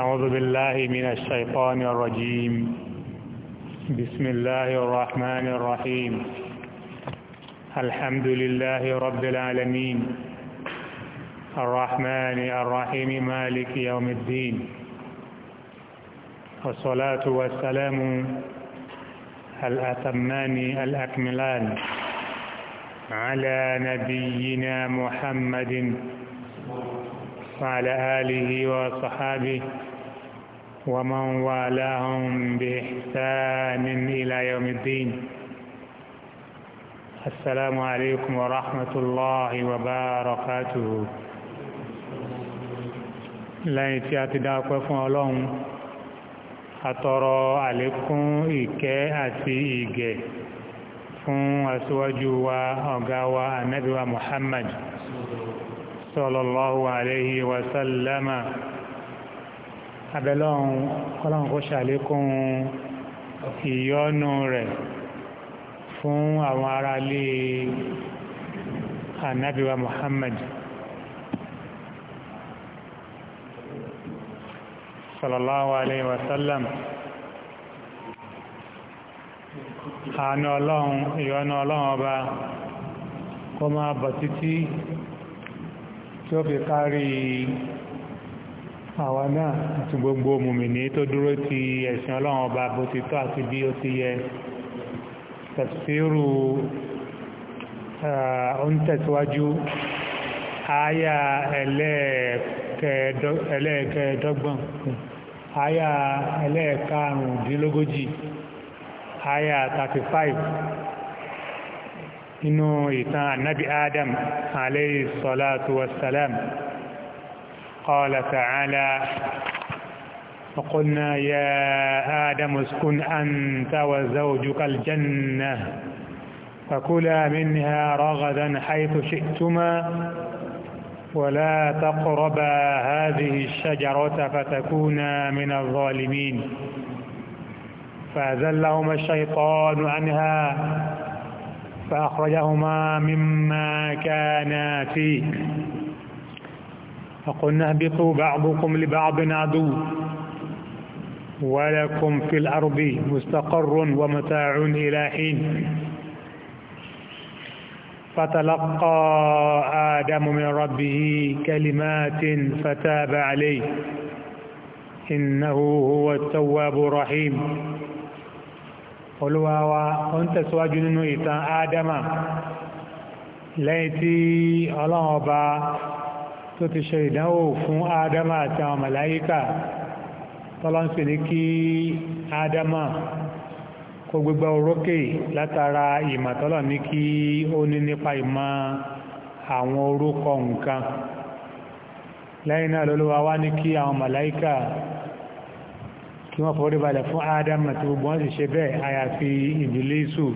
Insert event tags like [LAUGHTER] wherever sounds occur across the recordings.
أعوذ بالله من الشيطان الرجيم بسم الله الرحمن الرحيم الحمد لله رب العالمين الرحمن الرحيم مالك يوم الدين والصلاة والسلام الأتمان الأكملان على نبينا محمد محمد وعلى آله وصحابه ومن والاهم بإحسان إلى يوم الدين السلام عليكم ورحمة الله وبركاته لا يتعتدى كفو علوم أترى عليكم إيكاة إيكاة فون أسواجوا أغاوا النبي محمد صلى الله عليه وسلم abẹ́lọ́run kọ́lọ́run kó ṣàlékún ìyọ́nú rẹ̀ fún àwọn ará ilé ànábíwá Muhammad sallallahu alayhi wa sallam àánú ọlọ́run ìyọ́nú ọlọ́run ọba kó máa bọ̀ títí tí ó fi kárí àwa náà àti gbogbo mùmìnì tó dúró ti ẹ̀sìn ọlọ́run ọba bó ti tọ́ àti bí ó ti yẹ tafsiru ń tẹ̀síwájú àyà ẹlẹ́ẹ̀kẹ́ẹ̀dọ́gbọ̀n àyà ẹlẹ́ẹ̀kárùndínlógójì àyà 35 inu ita nabi adam alayhi salatu wassalam qala ta'ala وقلنا يا آدم اسكن أنت وزوجك الجنة فكلا منها رغدا حيث شئتما ولا تقربا هذه الشجرة فتكونا من الظالمين فأذلهما الشيطان عنها فأخرجهما مما كانا فيه فقلنا اهبطوا بعضكم لبعض عدو ولكم في الأرض مستقر ومتاع إلى حين فتلقى آدم من ربه كلمات فتاب عليه إنه هو التواب الرحيم olúwawa ó ń tẹ̀síwájú nínú ìtàn ádámà lẹ́yìn tí ọlọ́run ọba tó ti ṣe ìdánwò fún ádámà àti àwọn màláyíkà tọ́lọ́n sì ní kí ádámà kó gbégbá orókè látara ìmọ̀ tọ́lọ̀ ní kí ó ní nípa ìmọ̀ àwọn orúkọ nǹkan lẹ́yìn náà lọ́lọ́wà wá ní kí àwọn màláyíkà kí wọ́n fọ́rí balẹ̀ fún Ádámù tí gbogbo wọn sì ṣe bẹ́ẹ̀ àyàfi Ìbílísù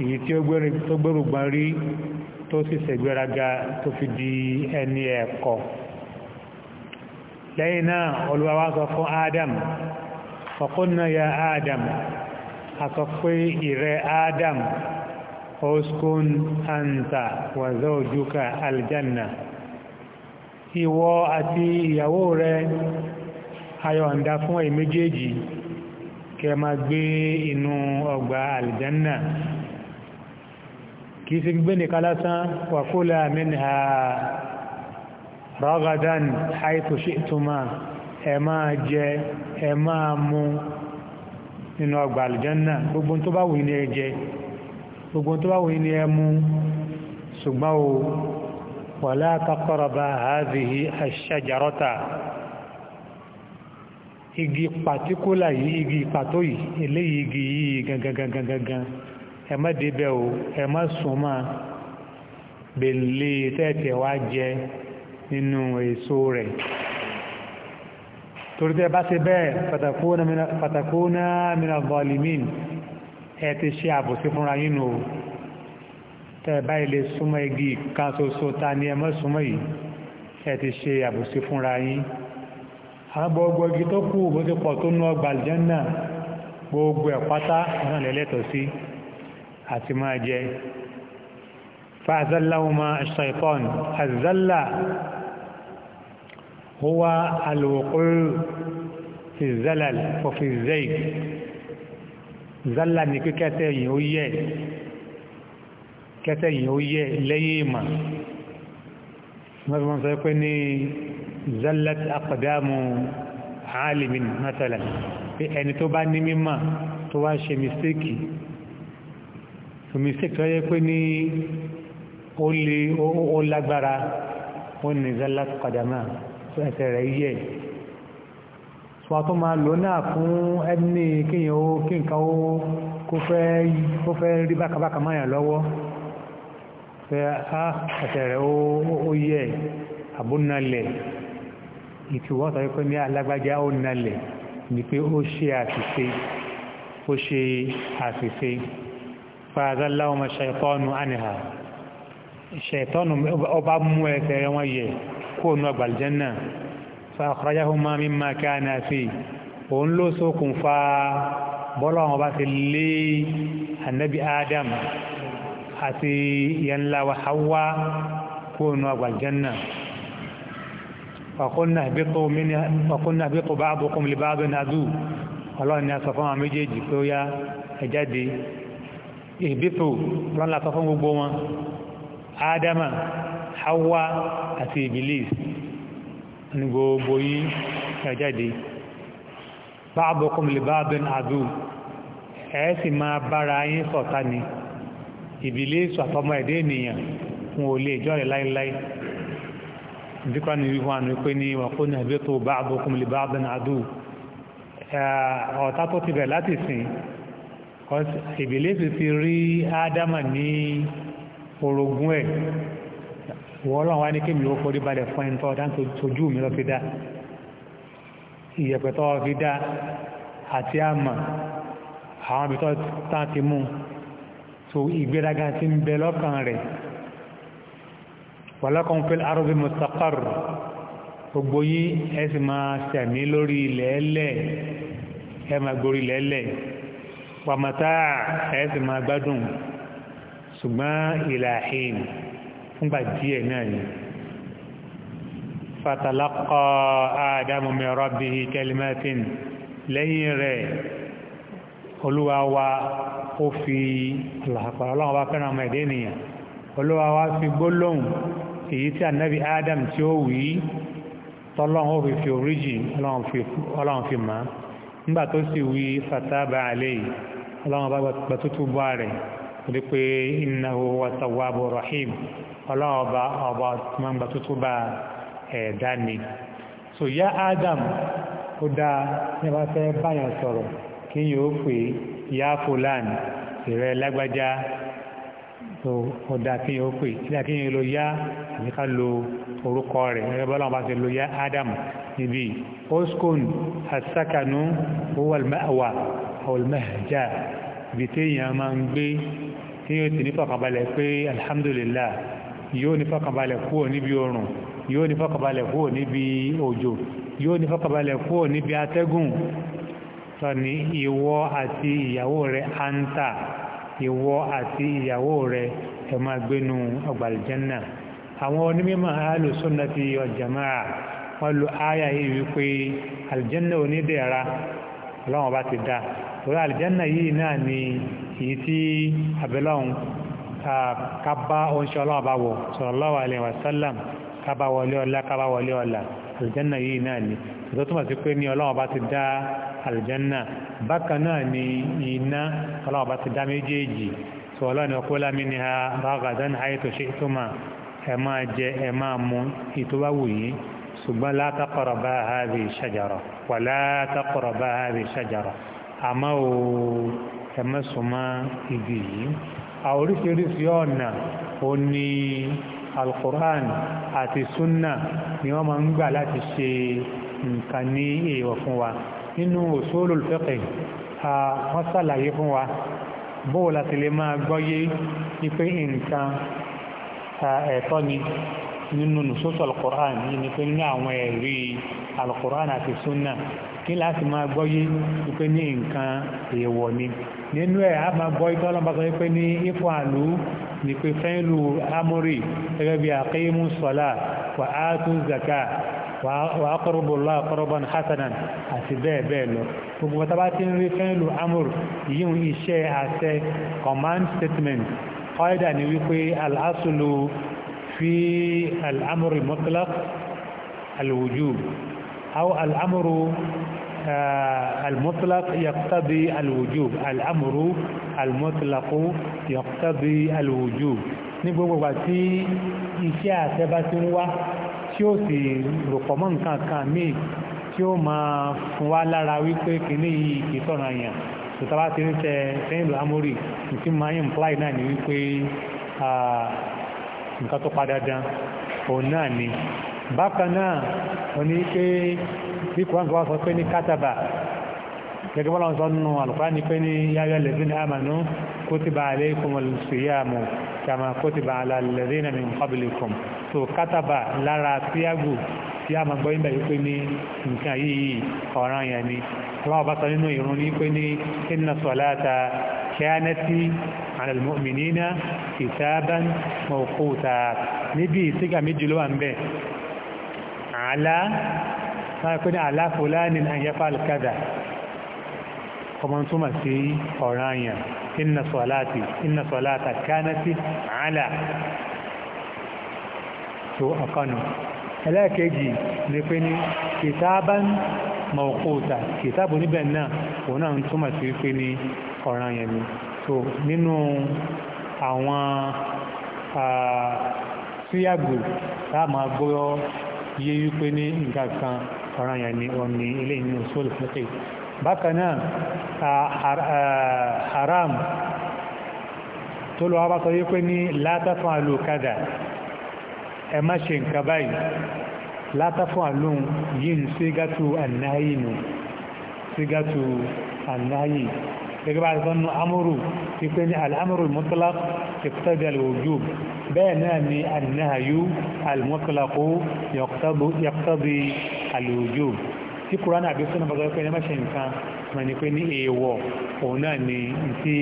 èyí tí ó gbẹ́rùgbọ́n rí tó sì ṣègbéraga tó fi di ẹni ẹ̀kọ́ lẹ́yìn náà Olúwa wá sọ fún Ádámù faqulna ya Ádámù a sọ pé ìrẹ Ádámù uskun anta wa zawjuka aljanna ìwọ àti ìyàwó rẹ ayọ̀ǹda fún ẹ̀yin méjèèjì kẹ máa gbé inú ọgbà àlìjánà kìí sí gbé nìkan lásán wa kula minha ragadan haythu shi'tuma ẹ máa jẹ ẹ máa mu nínú ọgbà àlìjánà gbogbo tó bá wù ní ẹ jẹ gbogbo tó bá wù ní ẹ mu ṣùgbọ́n o wala taqraba hadhihi ash igi patikula, yìí igi pàtó yìí eléyìí igi yìí gangangangangan ẹ má débẹ̀ o ẹ má súnmọ́ bèlè tẹ́ẹ̀tẹ̀ wá jẹ nínú èso rẹ̀ torí tẹ́ bá ṣe bẹ́ẹ̀ fatakuna mina zalimin ẹ ti ṣe àbòsí fúnra yínú o tẹ́ bá ilé súnmọ́ igi kan ṣoṣo ta ni ẹ má súnmọ́ yìí ẹ ti ṣe àbòsí fúnra yín agbogbo igi tó kú bó ti pọ̀ tó ná ọgbà àlìjẹ́nà gbogbo ẹ̀ pátá náà lẹ́lẹ́tọ̀ sí àti máa jẹ fàzálàwọ́mà ṣàìtọ́n àzálà huwa alwuqu fi zalal wa fi zayg zálà ní kí kẹsẹ̀ ó yẹ lẹ́yìn ìmà zallat aqdamu alimin matala ẹni tó bá ní mímọ̀ tó wá ṣe mistake so mistake tó yẹ pé ní ó lè ó lágbára ó ní zallat qadama tó ẹsẹ̀ rẹ̀ yẹ so a tó máa lò náà fún ẹni kíyàn ó kí nǹkan ó kó fẹ́ rí bákabáka máyà lọ́wọ́ fẹ́ á ah, ẹsẹ̀ rẹ̀ ó yẹ àbúnalẹ̀ ìtìwọ́n sọ pé ní alágbájá ó nalẹ̀ ni pé ó ṣe àṣìṣe ó ṣe àṣìṣe fàázálàwọ̀mọ̀ ṣẹ̀tọ́nù àníhà ṣẹ̀tọ́nù ọba mú ẹsẹ̀ wọn yẹ kó nù ọgbàlìjẹ́ náà fàákọ́rájáhùnmá mímá kí a wa Hawa kó nù fàkúnnà bíkò bá àbúkùn lè bá àbúkùn àdú ọlọ́run ni a sọ fún àwọn méjèèjì pé ó yá ẹjáde ìbíkò ọlọ́run la sọ fún gbogbo wọn ádámà hawa àti ìbìlìs ní gbogbo yìí ẹjáde bá àbúkùn lè bá àbúkùn àdú ẹ̀ sì máa bára yín sọ̀tá ni ìbìlìs àtọmọ ẹ̀dẹ́ ènìyàn wọn ò lè jọ́rẹ̀ láíláí ìdíkọ́ ni wíwọ́n àná pé ní wàkó ní ẹgbẹ́ tó bá àbókùn lè bá àbẹ̀ nàdú ọ̀tá tó ti bẹ̀ láti sìn ìbílẹ̀sì ti rí ádámà ní orogún ẹ̀ wọ́n lọ́wọ́ wá ní kí mi ó forí balẹ̀ fún mi lọ fi dá ìyẹ̀pẹ̀ tó fi dá àti àmà àwọn ibi tó ti mú so ìgbéraga ti ń bẹ lọ́kàn rẹ̀ wàlákan fil ardi mustaqar gbogbo yí ẹ sì máa sẹ̀mí lórí ilẹ̀ẹ́lẹ̀ ẹ máa gborí ilẹ̀ẹ́lẹ̀ wàmátá ẹ sì máa gbádùn ṣùgbọ́n ìlàhìn fúngbà díẹ̀ náà ni fatalaqa ádámù min rabbihi kalimatin lẹ́yìn rẹ̀ olúwa wa ó fi làpàá ọlọ́run wa fẹ́ràn ọmọ ẹ̀dẹ́ ènìyàn olúwa wa fi gbólóhùn èyí tí ànábì Adam tí ó wí tọ́lọ́run ó fi fi oríjì ọlọ́run fi máa nígbà tó sì wí fataba alayhi ọlọ́run bá gbà tútù bá rẹ̀ torí pé rahim ọlọ́run ọba gbà tútù bá so ya Adam ó dáa ní fẹ́ báyàn sọ̀rọ̀ kí yóò ya fulani ìrẹ́ lágbájá so ọ̀dà kí yẹn ó pè ìdá kí yẹn lo yá àbí ká lo orúkọ rẹ̀ ẹgbẹ́ bọ́lá wọn bá ti lo yá adam níbí oskun asakanu owó almawa olmahajá ibi tí èèyàn máa ń gbé tí yóò ti ní fọkànbalẹ̀ pé alhamdulillah yóò ní fọkànbalẹ̀ kúrò níbi oòrùn yóò ní fọkànbalẹ̀ kúrò níbi òjò yóò ní fọkànbalẹ̀ kúrò níbi atẹ́gùn tọ́ni ìwọ àti ìyàwó rẹ̀ anta ìwọ àti ìyàwó rẹ ẹ máa gbénu ọgbàlìjẹ́nà àwọn onímọ̀ alùsọ́nàtì ọ̀jàmáà wọ́n lo ááyà yìí wípé àlìjẹ́nà onídẹ̀ẹ́ra ọlọ́wọ́n bá ti dá torí àlìjẹ́nà yìí náà ni èyí tí àbẹ̀lọ́hún kaba oúnṣẹ́ ọlọ́wọ́n bá wọ̀ sallallahu alaihi wasallam kaba wọlé ọlá kaba wọlé ọlá àlìjẹ́nà yìí náà aljanna bákan náà ni iná ọlọ́ọ̀bá ti dá méjèèjì tó ọlọ́ni ọkọ́lá mi ni ha ragadan haythu shi'tuma ẹ máa jẹ ẹ máa mu ìtọ́wá wù yín ṣùgbọ́n la taqraba hadhihi shajara wala taqraba hadhihi shajara àmọ́ o ẹ má súnmọ́ igi yìí àoríṣiríṣi ọ̀nà ó ní alkùrán àti súnà ni wọ́n máa ń gbà láti ṣe nǹkan ní èèwọ̀ fún wa nínú usulul fiqh wọ́n sàlàyé fún wa bóò láti lè máa gbọ́yé ní pé nǹkan ẹ̀tọ́ ni nínú nùsọ́sọ́ al-Qur'an ní pé nínú àwọn ẹ̀rí al-Qur'an àti súnà kí láti máa gbọ́yé ní pé ní nǹkan èèwọ̀ ni nínú ẹ̀ a máa gbọ́ ìtọ́ ọlọ́mọ sọ pé ní ifọ̀ gẹ́gẹ́ bí aqimu sọ́lá wa atu zaka wà á kọ́rọ̀bọ̀ lọ́ àkọ́rọ̀bọ̀n hasanan àti bẹ́ẹ̀ bẹ́ẹ̀ lọ gbogbo ọ̀tá bá ti ń rí fẹ́ẹ̀lù amur yíò iṣẹ́ àṣẹ command statement kọ́ìdà ni wípé al'asulu fi al'amur mutlaq alwujub aw al'amur المطلق يقتضي الوجوب الأمر المطلق يقتضي الوجوب ní gbogbo ìgbà tí iṣẹ́ àṣẹ bá ti ń wá tí ó sì rọ̀pọ̀ mọ́ nǹkan kan míì tí ó máa fún wa lára wípé kìíní yìí kìí sọ̀rọ̀ àyàn tòtàbá ti ń tẹ sẹ́yìn lámórì tí máa ń imply náà ni wípé nǹkan tó padà dán òun náà ni bákan náà òní pé bí kò wá ń gbọ́ sọ pé ní kátàbà gẹ́gẹ́ bọ́lá ọ̀sán nù alùpàní pé ní yáyọ lẹ́sìn àmànú kó ti bá alẹ́ kó mọ̀ síyàmù kàmà kó ti bá alẹ́sìn àmì ọ̀bìlì kùm tó kátàbà lára síyàgù tí a máa gbọ́ yín bẹ̀rẹ̀ pé ní nǹkan yìí ọ̀ràn yẹn ni aláwọ̀ bá sọ nínú ìrún ní pé ní inna salata kanati ala almu'minina kitaban mawquta níbi ìsígà méjì ló wà ń bẹ̀ àlá máa pé ní àlá fúlánì àyẹ́fà alkada ọmọ tó mà sí ọ̀ràn àyàn inna salati inna salata kanati ala tó ọ̀kanu ẹlẹ́ẹ̀kejì ni pé ní kitaban mawquta kìtàbù níbẹ̀ náà òun náà tó mà sí pé ní ọ̀ràn àyàn ni tó nínú àwọn síyàgò tá a máa gbọ́ yé wípé ní nǹkan kan ọ̀ràn àyàn ni òun ilé ìnú sólù bákanáà haram tó lọ wá sọ wípé ní látàfún alùkádà ẹ má ṣe nǹkan báyìí látàfún alùn yìí ń sígátù ànáyì nù sígátù ànáyì gẹ́gẹ́ bá sọ nù amúrù wípé ní al'amúrù mutlaq iqtadi al-wujub bẹ́ẹ̀ náà ni ànáyù al-mutlaq yaqtadi al-wujub tí kúránà àbí súnà bá sọ pé ní mẹ́ṣẹ̀ nǹkan wọn ni pé ní èèwọ̀ òun náà ni tí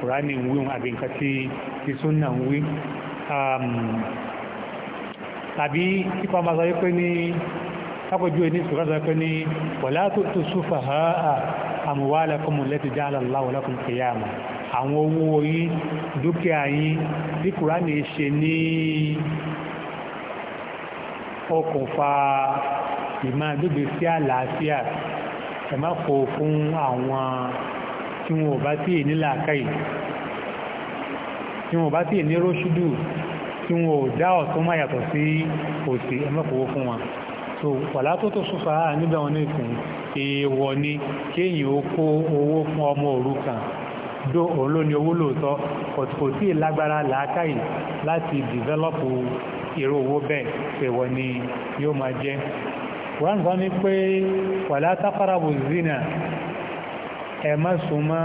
kúránì ń wí àbí nǹkan tí tí súnà ń wí tàbí tí kúránà bá sọ pé ní kápẹ́jú ẹni sọ sọ pé ní wala tu'tu sufaha'a amwalakum allati ja'ala Allahu lakum qiyama àwọn owó yín dúkìá yín tí kúránì ṣe ní okùnfà ìmá gbégbé sí àlàáfíà ẹ má kó fún àwọn tí wọn ò bá tí ì nílà káyì tí wọn ò bá tí ì ní róṣùdù tí wọn ò dá ọ̀tún má yàtọ̀ sí òsì ẹ má kó fún wọn so wàlá tó tó sùfà níbẹ̀ wọn nìkan èèwọ̀ ni kéèyàn ó kó owó fún ọmọ òrukàn dó òun ló ní owó lóòótọ́ kò tí ì làákàyè láti dìvẹ́lọ́pù irú owó bẹ́ẹ̀ èèwọ̀ ni yóò máa jẹ́ wọ́n sọ ní pé wala taqrabu zina ẹ má súnmọ́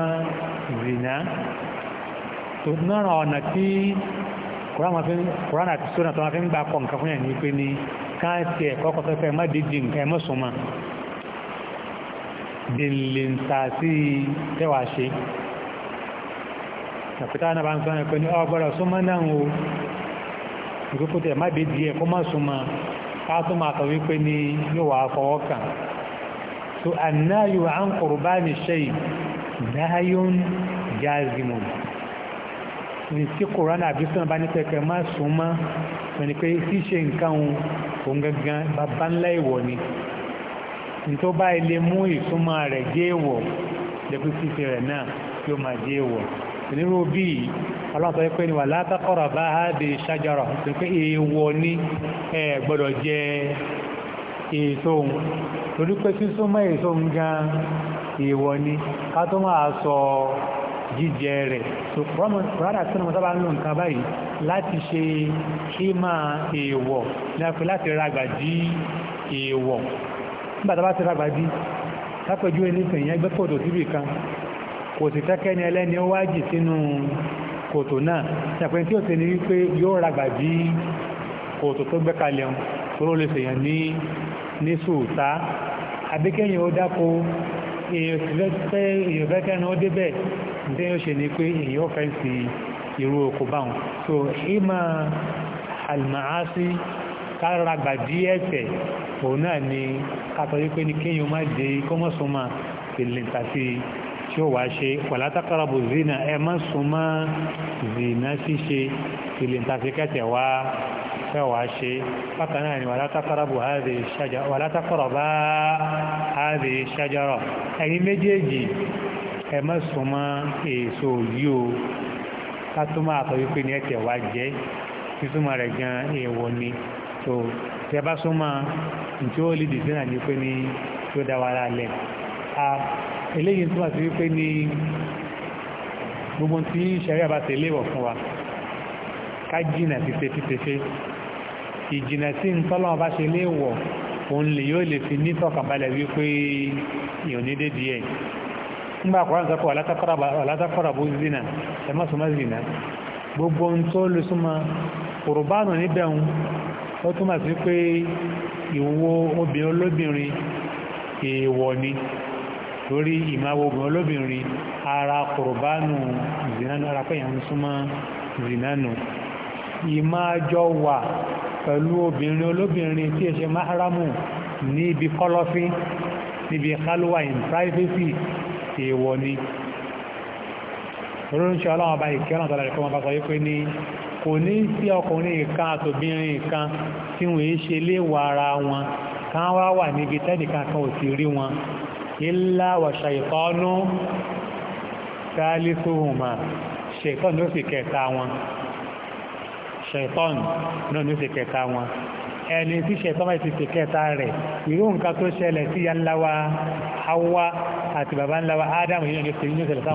zina tó náà ọ̀nà tí kùránà àti sódà tó wọ́n fi ń gbà kọ́ nǹkan fún yẹn ní pé ní káàtì ẹ̀kọ́ kọ́kọ́ fẹ́ má dídì nǹkan ẹ má súnmọ́ dìlìntàsí tẹ́wàá ṣe àpẹta náà bá ń sọ ẹ̀kọ́ ní ọgbọ́dọ̀ súnmọ́ náà o ìgbókòtẹ̀ má dídì ẹ̀kọ́ má súnmọ́ ká tó máa sọ wípé ní yóò wá fọwọ́ kàn so annayu an qurbani shay nahayun jazimun ní tí kòránà àbí sọ́nà bá ní pẹ̀kẹ́ má sún mọ́ sọ ni pé ṣíṣe nǹkan òun gangan bàbá ńlá ìwọ̀ ni tó bá ilé mú ìsúnmọ́ rẹ̀ jẹ́ ìwọ̀ lẹ́kùn rẹ̀ náà yóò máa jẹ́ ìwọ̀ onírúurú bíi ọlọ́run sọ pé ní wà látàkọ̀rọ̀ bá a di ṣájọrọ̀ tó pé èèwọ̀ ní ẹ gbọ́dọ̀ jẹ èso òun torí pé sísúnmọ́ èso òun gan èèwọ̀ ní ká tó máa sọ jíjẹ rẹ̀ tó rádà tí wọ́n sábà ń lò nǹkan báyìí láti ṣe kí máa èèwọ̀ láti láti ragbà dí èèwọ̀ nígbà tó bá ti ragbà dí lápẹjú ẹni sèyàn gbẹ́pọ̀ tó síbì kan kò sì tẹ́kẹ́ ni ẹlẹ́ni ó wájì sínú kòtò náà ṣàpẹ́ tí ó ṣe ní wípé yóò ragbà jí kòtò tó gbẹ́kalẹ̀ ọ̀hún tóró lè ṣèyàn ní ní sòòtá àbíkẹ́yìn ó dáko èèyàn fẹ́ kẹ́rin ó débẹ̀ ǹdẹ́ yóò ṣe ní pé èèyàn fẹ́ sí irú oko báwọn so ìmọ̀ àlùmáàsí kára gbàdí ẹ̀tẹ̀ òun náà ni kàtọ́ wípé ní kéèyàn má dé kọ́mọ̀sọ́mà fèlè tàbí tí ó wá ṣe wala zina ẹ má súnmọ́ zina ṣíṣe ìlẹ̀ ìtàfikẹ́tẹ̀ wá fẹ́ wá ṣe bákan ni wala taqrabu hadhihi shajara wala taqraba hadhihi shajara ẹ̀yin méjèèjì ẹ má súnmọ́ èso yìí o ká ní ẹ̀tẹ̀ wá jẹ́ títúmọ̀ rẹ̀ gan èèwọ̀ ni tó tẹ bá súnmọ́ ntí ó lè dìde náà ní pé ní tó dá wa eléyìí tó àti wípé ní gbogbo tí ṣẹ̀rí àbá tẹ̀lé wọ̀ fún wa ká jìnà sí tẹ́fẹ́tẹ́fẹ́ ìjìnà sí ń tọ́lọ́ bá ṣe léèwọ̀ òun lè yóò lè fi ní tọ́kànbalẹ̀ wípé ìrònídé díẹ̀ nígbà kọ́ra nǹkan kọ́ alátakọ́ra bó zina ẹ má súnmọ́ zina gbogbo ohun tó lè súnmọ́ òrùbánù níbẹ̀ ń ó túmọ̀ sí pé ìwo obìnrin olóbìnrin èèwọ̀ ni torí ìmáwó obìnrin olóbìnrin ara kòròbánù ìzìnánú ara pẹ̀yàn súnmọ́ ìzìnánú ìmájọ wà pẹ̀lú obìnrin olóbìnrin tí è ṣe máhàrámù ní ibi kọ́lọ́fín níbi kálúwà in privacy èèwọ̀ ni orúnṣẹ́ ọlọ́wọ́ bá ìkẹ́ ọ̀nà tọ́lá ìkọ́ wọn bá sọ wípé ní kò ní sí ọkùnrin ìkan àtòbìnrin ìkan tí wọ́n ń ṣe léwà ara wọn kan wá wà níbi tẹ́nìkan kan ò sì rí wọn illa wa ṣàìkọ́nú sáàlìsúhùmá ṣàìkọ́nù ló sì kẹta wọn ṣàìkọ́nù náà ló sì kẹta wọn ẹni tí ṣàìkọ́nù bá ti sì kẹta rẹ̀ irú nǹkan tó ṣẹlẹ̀ sí ya ńláwa Hawa àti bàbá ńláwa Ádámù yìí ló ṣẹlẹ̀ ṣẹlẹ̀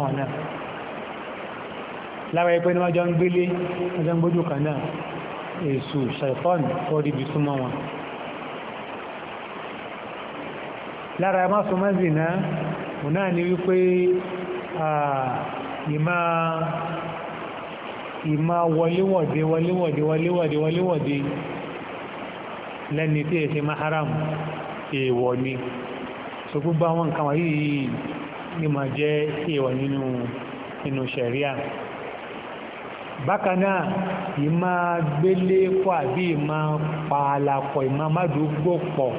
sáwọn náà lára ẹ má sọ má zìnà òun náà ni wípé ìmá ìmá wọléwọ̀dé wọléwọ̀dé wọléwọ̀dé wọléwọ̀dé lẹ́ni tí èsì maharam èèwọ̀ ni so gbogbo àwọn nǹkan wáyé yìí ni ma jẹ́ èèwọ̀ nínú inú ṣẹ̀ríà bákanáà ìmá gbélé pọ̀ àbí ìmá pààlàpọ̀ ìmá mádùúgbò pọ̀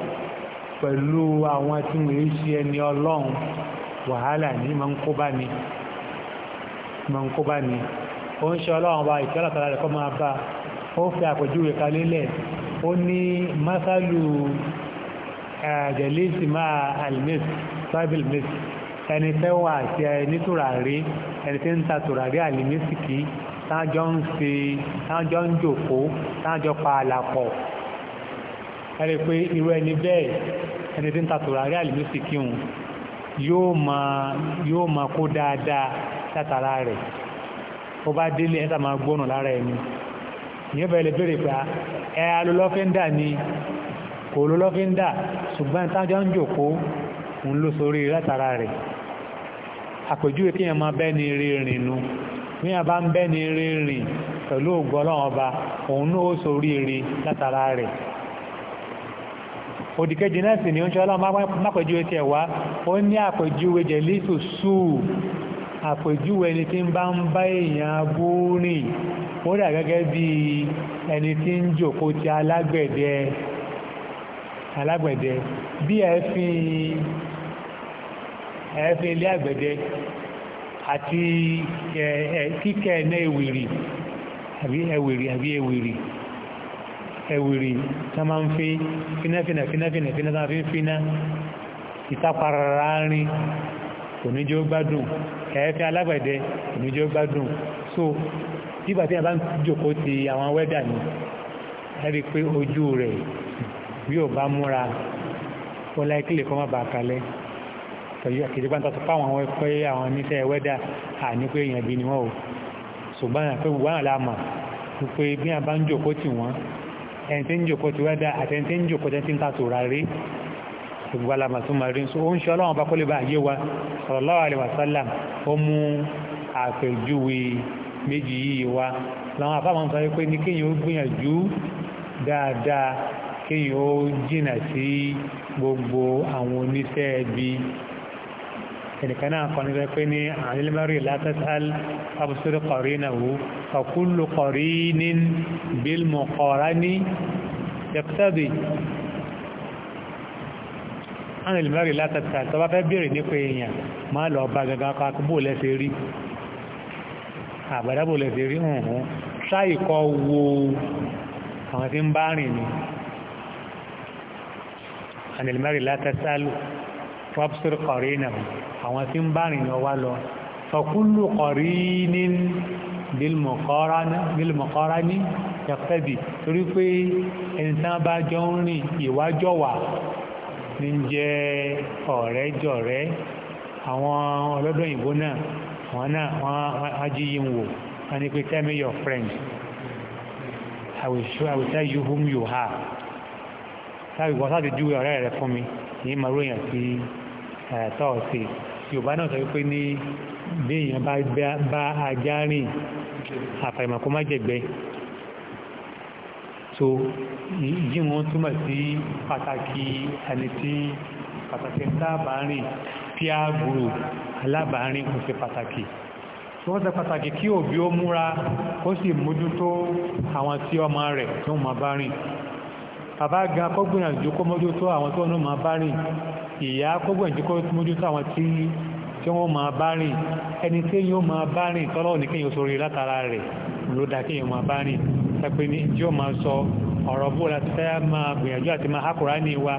pẹ̀lú àwọn tí wọ́n ṣe ẹni ọlọ́run wàhálà ní ma ń kó bá ní ma ń kó bá ní ó ń ṣe ọlọ́run bá ìtọ́lọ̀tọ́lá rẹ̀ kọ́ máa bá ó fi àpèjúwe kalélẹ̀ ó ní masalu àjẹ̀lẹ́sì máa bible mis ẹni tẹ́ wà àti ẹni tùràrí ẹni tí ń ta tùràrí àlìmísìkì tájọ́ ń jòkó tájọ́ pa àlàpọ̀ ẹ̀rí pé irú ẹni bẹ́ẹ̀ ẹni tí ń tàtòrò àrí àlìmísì kí òun yóò ma kó dáadáa látara rẹ̀ ó bá délé ẹ́ta ma gbónà lára ẹni ìyẹn bẹ̀rẹ̀ bèèrè pé ẹ ni kò lólọ́fíńdà ṣùgbọ́n tájọ́ ń jòkó òun ló sórí látara rẹ̀ àpèjúwe kí yẹn máa bẹ́ni rí rìn nu bí yẹn bá ń bẹ́ni rí rìn pẹ̀lú ògbọ́lọ́wọ́n ọba òun náà ó sórí rí òdìkejì náà sì ni oúnjẹ ọlọ́run mápẹ̀júwe tiẹ̀ wá ó ní àpẹ̀júwe jẹ̀lísù sùúrù àpèjúwe ẹni tí ń bá ń bá èèyàn abú rìn ó dà gẹ́gẹ́ bí ẹni tí ń jòkó ti alágbẹ̀dẹ alágbẹ̀dẹ bí ẹ̀fín ilé àgbẹ̀dẹ àti kíkẹ́ ẹ̀ná ewìrì àbí ewìrì àbí ewìrì ẹ̀wìrì tó máa ń fi fínáfínà fínáfínà fíná tó máa fi ń fíná ìtàparara rin kò ní jẹ́ ó gbádùn ẹ̀ẹ́fẹ́ alágbẹ̀dẹ kò ó gbádùn so nígbà tí a bá ń jòkó ti àwọn wẹ́dà ni ẹ̀rí pé ojú rẹ̀ bí ò bá múra ó láìkílè kọ́ má bàa kalẹ̀ pẹ̀lú àkèjì pàǹtà ni wọ́n o ṣùgbọ́n àpẹ́ wọ́n àlámà wípé bí a bá ń jòkó tì wọ́n ẹni tí ń jòkó ti wẹ́dà àtẹni tí ń jòkó tẹ́ so ó ń ṣe ọlọ́run bá kó wa sallallahu alaihi wasallam ó mú àpèjúwe méjì yìí wa làwọn àfáàmọ́ sọ pé ní kéèyàn ó gbìyànjú dáadáa kéèyàn ó jìnà sí gbogbo àwọn oníṣẹ́ ẹbí ẹnìkan náà kan níbẹ̀ pé ní àlílmárì látàtàl abúsírí kọ̀rí náà wò fàkúlù kọ̀rí ní bílmù kọ̀rá ní ẹ̀kútàbí àlílmárì látàtàl tó bá fẹ́ bèèrè nípa èèyàn má lọ bá gangan kan bó lẹ́sẹ̀ rí àbàdà bó wabsir qarinahu àwọn tí ń bá rìn lọ wá lọ fakullu qarinin bilmuqarani yaqtadi torí pé ẹni tí wọ́n bá jọ ń rìn ìwájọ́wà ní jẹ́ ọ̀rẹ́ jọ̀rẹ́ àwọn ọlọ́dọ̀ òyìnbó náà àwọn náà wọ́n ajíyí ń wò ní ìmọ̀ròyìn àti tọ́ọ̀sì yorùbá náà sọ wípé ní bí èèyàn bá ajá rìn àfàìmọ̀kó má jẹ̀gbẹ́ so yí wọ́n túmọ̀ sí pàtàkì ẹni tí pàtàkì alábàárìn píà alábàárìn kò sí pàtàkì so wọ́n sọ pàtàkì kí òbí ó múra ó sì mójútó àwọn tí ọmọ rẹ̀ tó máa bá rìn bàbá gan kó gbìyànjú kó mójútó àwọn tó ń máa bá rìn ìyá kó gbìyànjú kó mójútó àwọn tí tí wọ́n máa bá rìn ẹni tí yóò máa bá rìn tọ́lọ́ ní kéèyàn sórí látara rẹ̀ ló dá kéèyàn máa bá rìn pẹ́pẹ́ ní yóò máa sọ ọ̀rọ̀ bó láti fẹ́ wa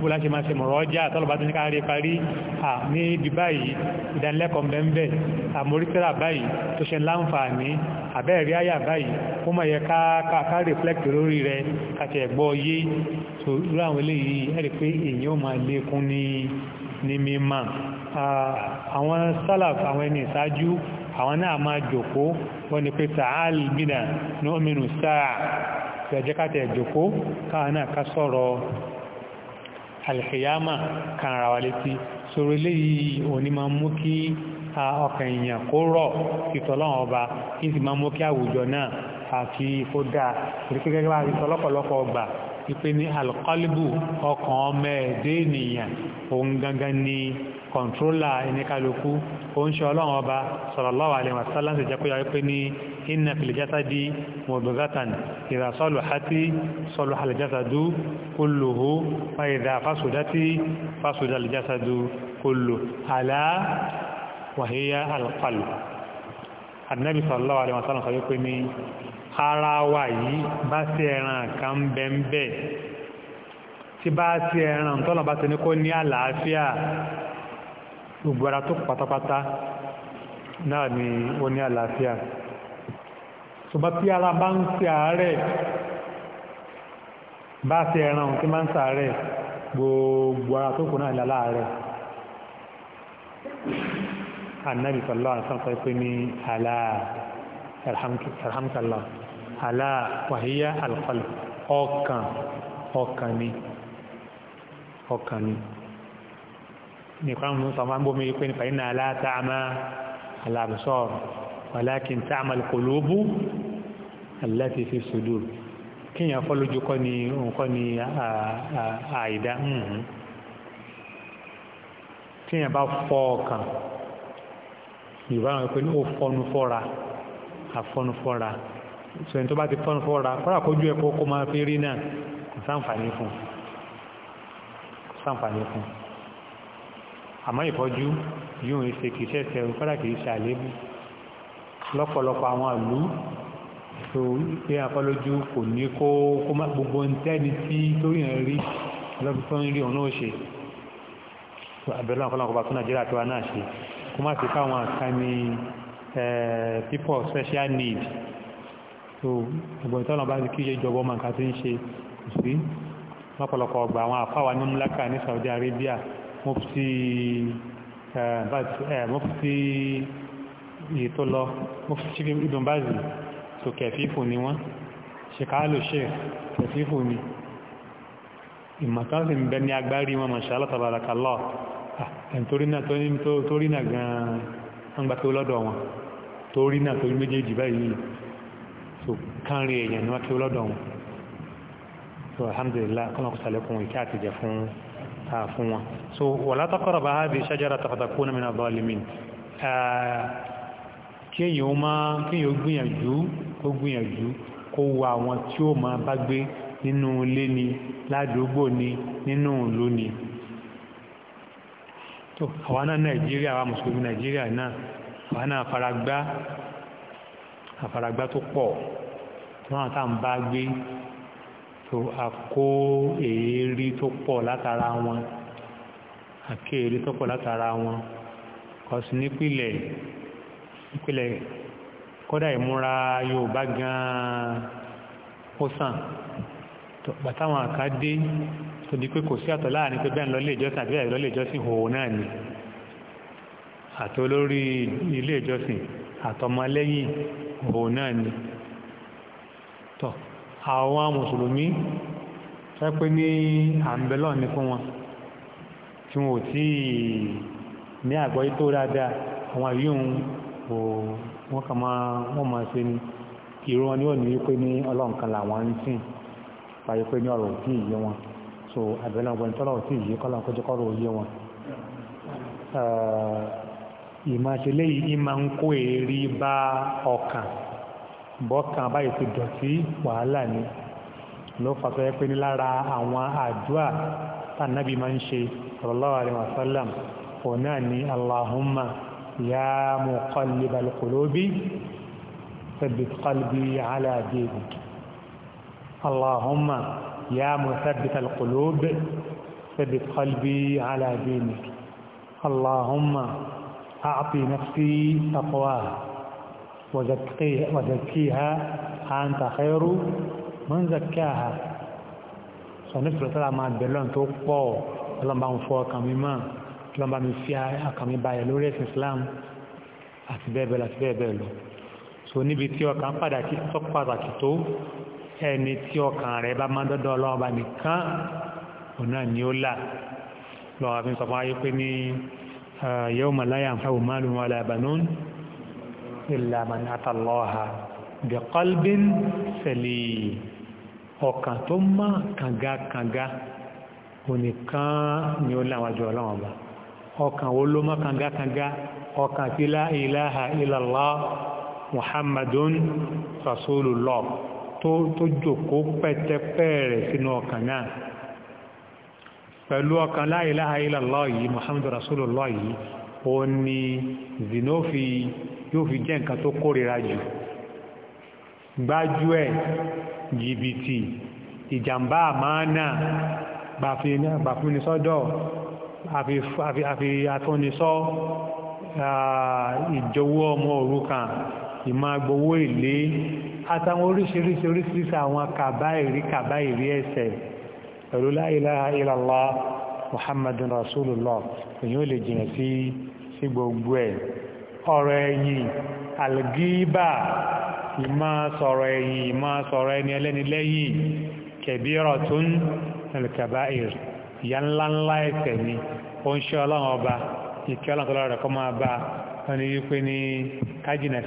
bó láti máa ṣe mọ̀rọ̀ ọjà tọ́lọ̀bá tó ní ká rí parí à ní ibi báyìí ìdánilẹ́kọ̀ọ́ mẹ́mbẹ̀ àmórísẹ́rà báyìí tó ṣe láǹfààní àbẹ́ẹ̀rí àyà báyìí ó mọ̀ yẹ ká reflect lórí rẹ kàtì ẹ̀gbọ́ yé tó rú àwọn eléyìí ẹ̀rí pé èèyàn máa lékún ní ní mímọ̀ àwọn sálàf àwọn ẹni ìṣáájú alkiyama kan ara wa létí sọ̀rọ̀ eléyìí òní máa mú kí ọkàn èèyàn kó rọ̀ ìtọ́lọ́wọ́n ọba kí n sì máa mú kí àwùjọ náà àti kó dáa torí gẹ́gẹ́ bá a ọgbà wípé ní alkọ́líbù ọkàn ọmọ ẹ̀dẹ́ ènìyàn òun gangan ni kọ̀ǹtrólà ìníkàlùkù ó ń ṣe ọlọ́run ọba sallallahu alaihi wasallam ti jẹ́ pé yàwó pé ní inna fil jasadi mudghatan idha salahati salaha al jasadu kulluhu wa idha fasadati fasada al jasadu kulluhu ala wa hiya al qalb àdínábì sallallahu alaihi wasallam sọ pé ní ara wa yìí bá sí ẹran kan bẹ́ẹ̀ bẹ́ẹ̀ tí gbogbo ara tó pátápátá náà ni ó ní àlàáfíà ṣùgbọ́n tí ara bá ń ṣe àárẹ̀ bá ṣe ẹran tí máa ń ṣàárẹ̀ gbogbo ara tó kù náà ní aláàárẹ̀ annabi sallallahu alaihi wasallam sọ pé ní àlá alhamdulillah àlá wàhíyá alqalb ọkàn ọkàn ni ọkàn ni nìkan mú sọ máa ń bómi pé nípa iná látàmà aláàbùsọ̀rọ̀ wàlákin tàmà kòlóbù aláti fi sùdù kíyàn fọ́lójú kọ́ ni nǹkan ni àìdá kíyàn bá fọ́ ọkàn yorùbá wọn pé ó fọ́nu fọ́ra àfọ́nu fọ́ra sọ̀rọ̀ tó bá ti fọ́nu fọ́ra kọ́ra kójú ẹ̀kọ́ kó máa fi rí náà kò sáǹfààní fún kò sáǹfààní fún àmọ́ ìfọ́jú yóò ṣe kìí ṣẹ̀ṣẹ̀ kọ́dà kìí ṣe àléébù lọ́pọ̀lọpọ̀ àwọn ìlú tó pé afọ́lójú kò ní kó kó má gbogbo ntẹ́ni tí tó yàn rí lọ́pọ̀ tó ń rí òun náà ṣe àbẹ̀lọ́ àkọlọ́kọ̀ bá tún nàìjíríà tó wá náà ṣe kó má sí káwọn àkànni people of special need so gbogbo ìtọ́nà bá ti kí ṣe ìjọba ọmọ nǹkan tí ń ṣe kò sí lọ́pọ̀lọpọ̀ ọgbà àwọn àfáwà ní mlaka ní Saudi Arabia mufti mufti yìí tó lọ mufti ibn bazi so kẹfífù ni wọ́n ṣekáàlù ṣe kẹfífù ni ìmọ̀tánsì ń bẹ ní agbárí wọn mashallah tabarakallah torí náà torí gan-an wọ́n gbá pé lọ́dọ̀ wọn torí náà torí méjèèjì báyìí so kánrin èèyàn ni wọ́n pé lọ́dọ̀ wọn so alhamdulillah kọ́nà kò sàlẹ̀kùn ìkẹ́ àtijẹ́ fún fún wọn so wala ta hadhihi shajarata fatakuna mina dhalimin kí èyàn ó máa kí èyàn ó gbìyànjú kó gbìyànjú kó wo àwọn tí ó máa bá gbé nínú ilé ni ládùúgbò ni nínú ìlú ni tó àwa náà nàìjíríà àwa mùsùlùmí nàìjíríà náà àwa náà àfaragbá àfaragbá tó pọ̀ tó náà gbé so àkó èérí tó pọ̀ látara wọn àké èérí tó pọ̀ látara wọn kọ̀sí nípìlẹ̀ nípìlẹ̀ kódà ìmúra Yorùbá gan-an ó sàn bàtàwọn àkádé tó di pé kò sí àtọ̀ láàrin pé bẹ́ẹ̀ ń lọ ilé ìjọsìn àbí àìlọ ilé ìjọsìn òun náà ni àtọ́ lórí ilé ìjọsìn àtọmọlẹ́yìn òun náà ni àwọn mùsùlùmí fẹ́ pé ní àmbẹ́lọ́ ní fún wọn tí wọ́n tí ní àgbọ́yí tó dáadáa àwọn yíòun o wọ́n kà máa wọ́n máa ṣe ní ìró wọn ni ó ní wípé ní ọlọ́nkan làwọn ń sìn báyìí pé ní ọ̀rọ̀ òtí ìyé wọn so àbẹ̀lọ́ ọgbọ̀n tọ́lọ̀ òtí ìyé kọ́lọ̀ kọjọ́kọ́rọ̀ òyé wọn ìmáṣeléyìí ìmá ń kó èrí bá ọkàn bọ́kàn báyìí ti dọ̀tí wàhálà ni ló fàtọ́ yẹ pé ní lára àwọn àdúà tànàbí máa ń ṣe sallallahu alaihi wasallam òun náà ni allahumma ya muqallibal qulubi thabbit qalbi ala dinik allahumma ya muthabbital qulub ثبت قلبي على دينك اللهم أعطي نفسي تقواها وزكيها أنت خير من زكاها sọ̀nìfìlẹ̀ tọ́lá máa bẹ̀lọ́n tó pọ̀ ọlọ́mbà ń fọ́ ọkàn mi máa ọlọ́mbà mi fi ọkàn mi báyẹ̀ lórí ẹ̀sìn Islam àti bẹ́ẹ̀ bẹ́ẹ̀ àti bẹ́ẹ̀ bẹ́ẹ̀ lọ so níbi tí ọkàn pàtàkì tó pàtàkì tó ẹni tí ọkàn rẹ̀ bá máa dọ́dọ̀ ọlọ́mbà nìkan ọ̀nà ni ó là lọ́wọ́ fi sọ fún ayé pé ní yawma la yanfa'u malun wala banun إلا من أتى الله بقلب سليم ọkàn tó mọ́ kàngakànga onìkan ni ó láwájú ọlọ́wọ́n bá ọkàn wo ló mọ́ kàngakànga ọkàn tí la ilaha illallah muhammadun rasulullah tó tó jókòó pẹ́tẹ́pẹ́ rẹ̀ sínú ọkàn náà pẹ̀lú ọkàn la ilaha illallah yìí muhammadun rasulullah yìí ó ní zina yóò fi jẹ́ nǹkan tó kórìíra jù gbájú ẹ̀ jìbìtì ìjàmbá àmáànà gbàfúnisọ́dọ̀ àfihàtúnisọ́ ìjọwọ́ ọmọ òrukàn ìmọ̀ agbowó ilé àtàwọn oríṣiríṣi oríṣiríṣi àwọn kàbáìrí kàbáìrí ẹ̀ṣẹ̀ pẹ̀lú la ilaha muhammadu rasulullah èyàn lè jìnà sí sí gbogbo ẹ̀ ọ̀rọ̀ ẹ̀yìn algíbà ìmá sọ̀rọ̀ ẹ̀yìn ìmá sọ̀rọ̀ ẹni ẹlẹ́ni lẹ́yìn kabiratun alkabair ìyá ńláńlá ẹ̀ṣẹ̀ ni ó ń ṣe ọlọ́run ọba ìkẹ́ ọlọ́run tọ́lọ́rọ̀ rẹ̀ kọ́ máa bá wọn ni wípé ní kájìnà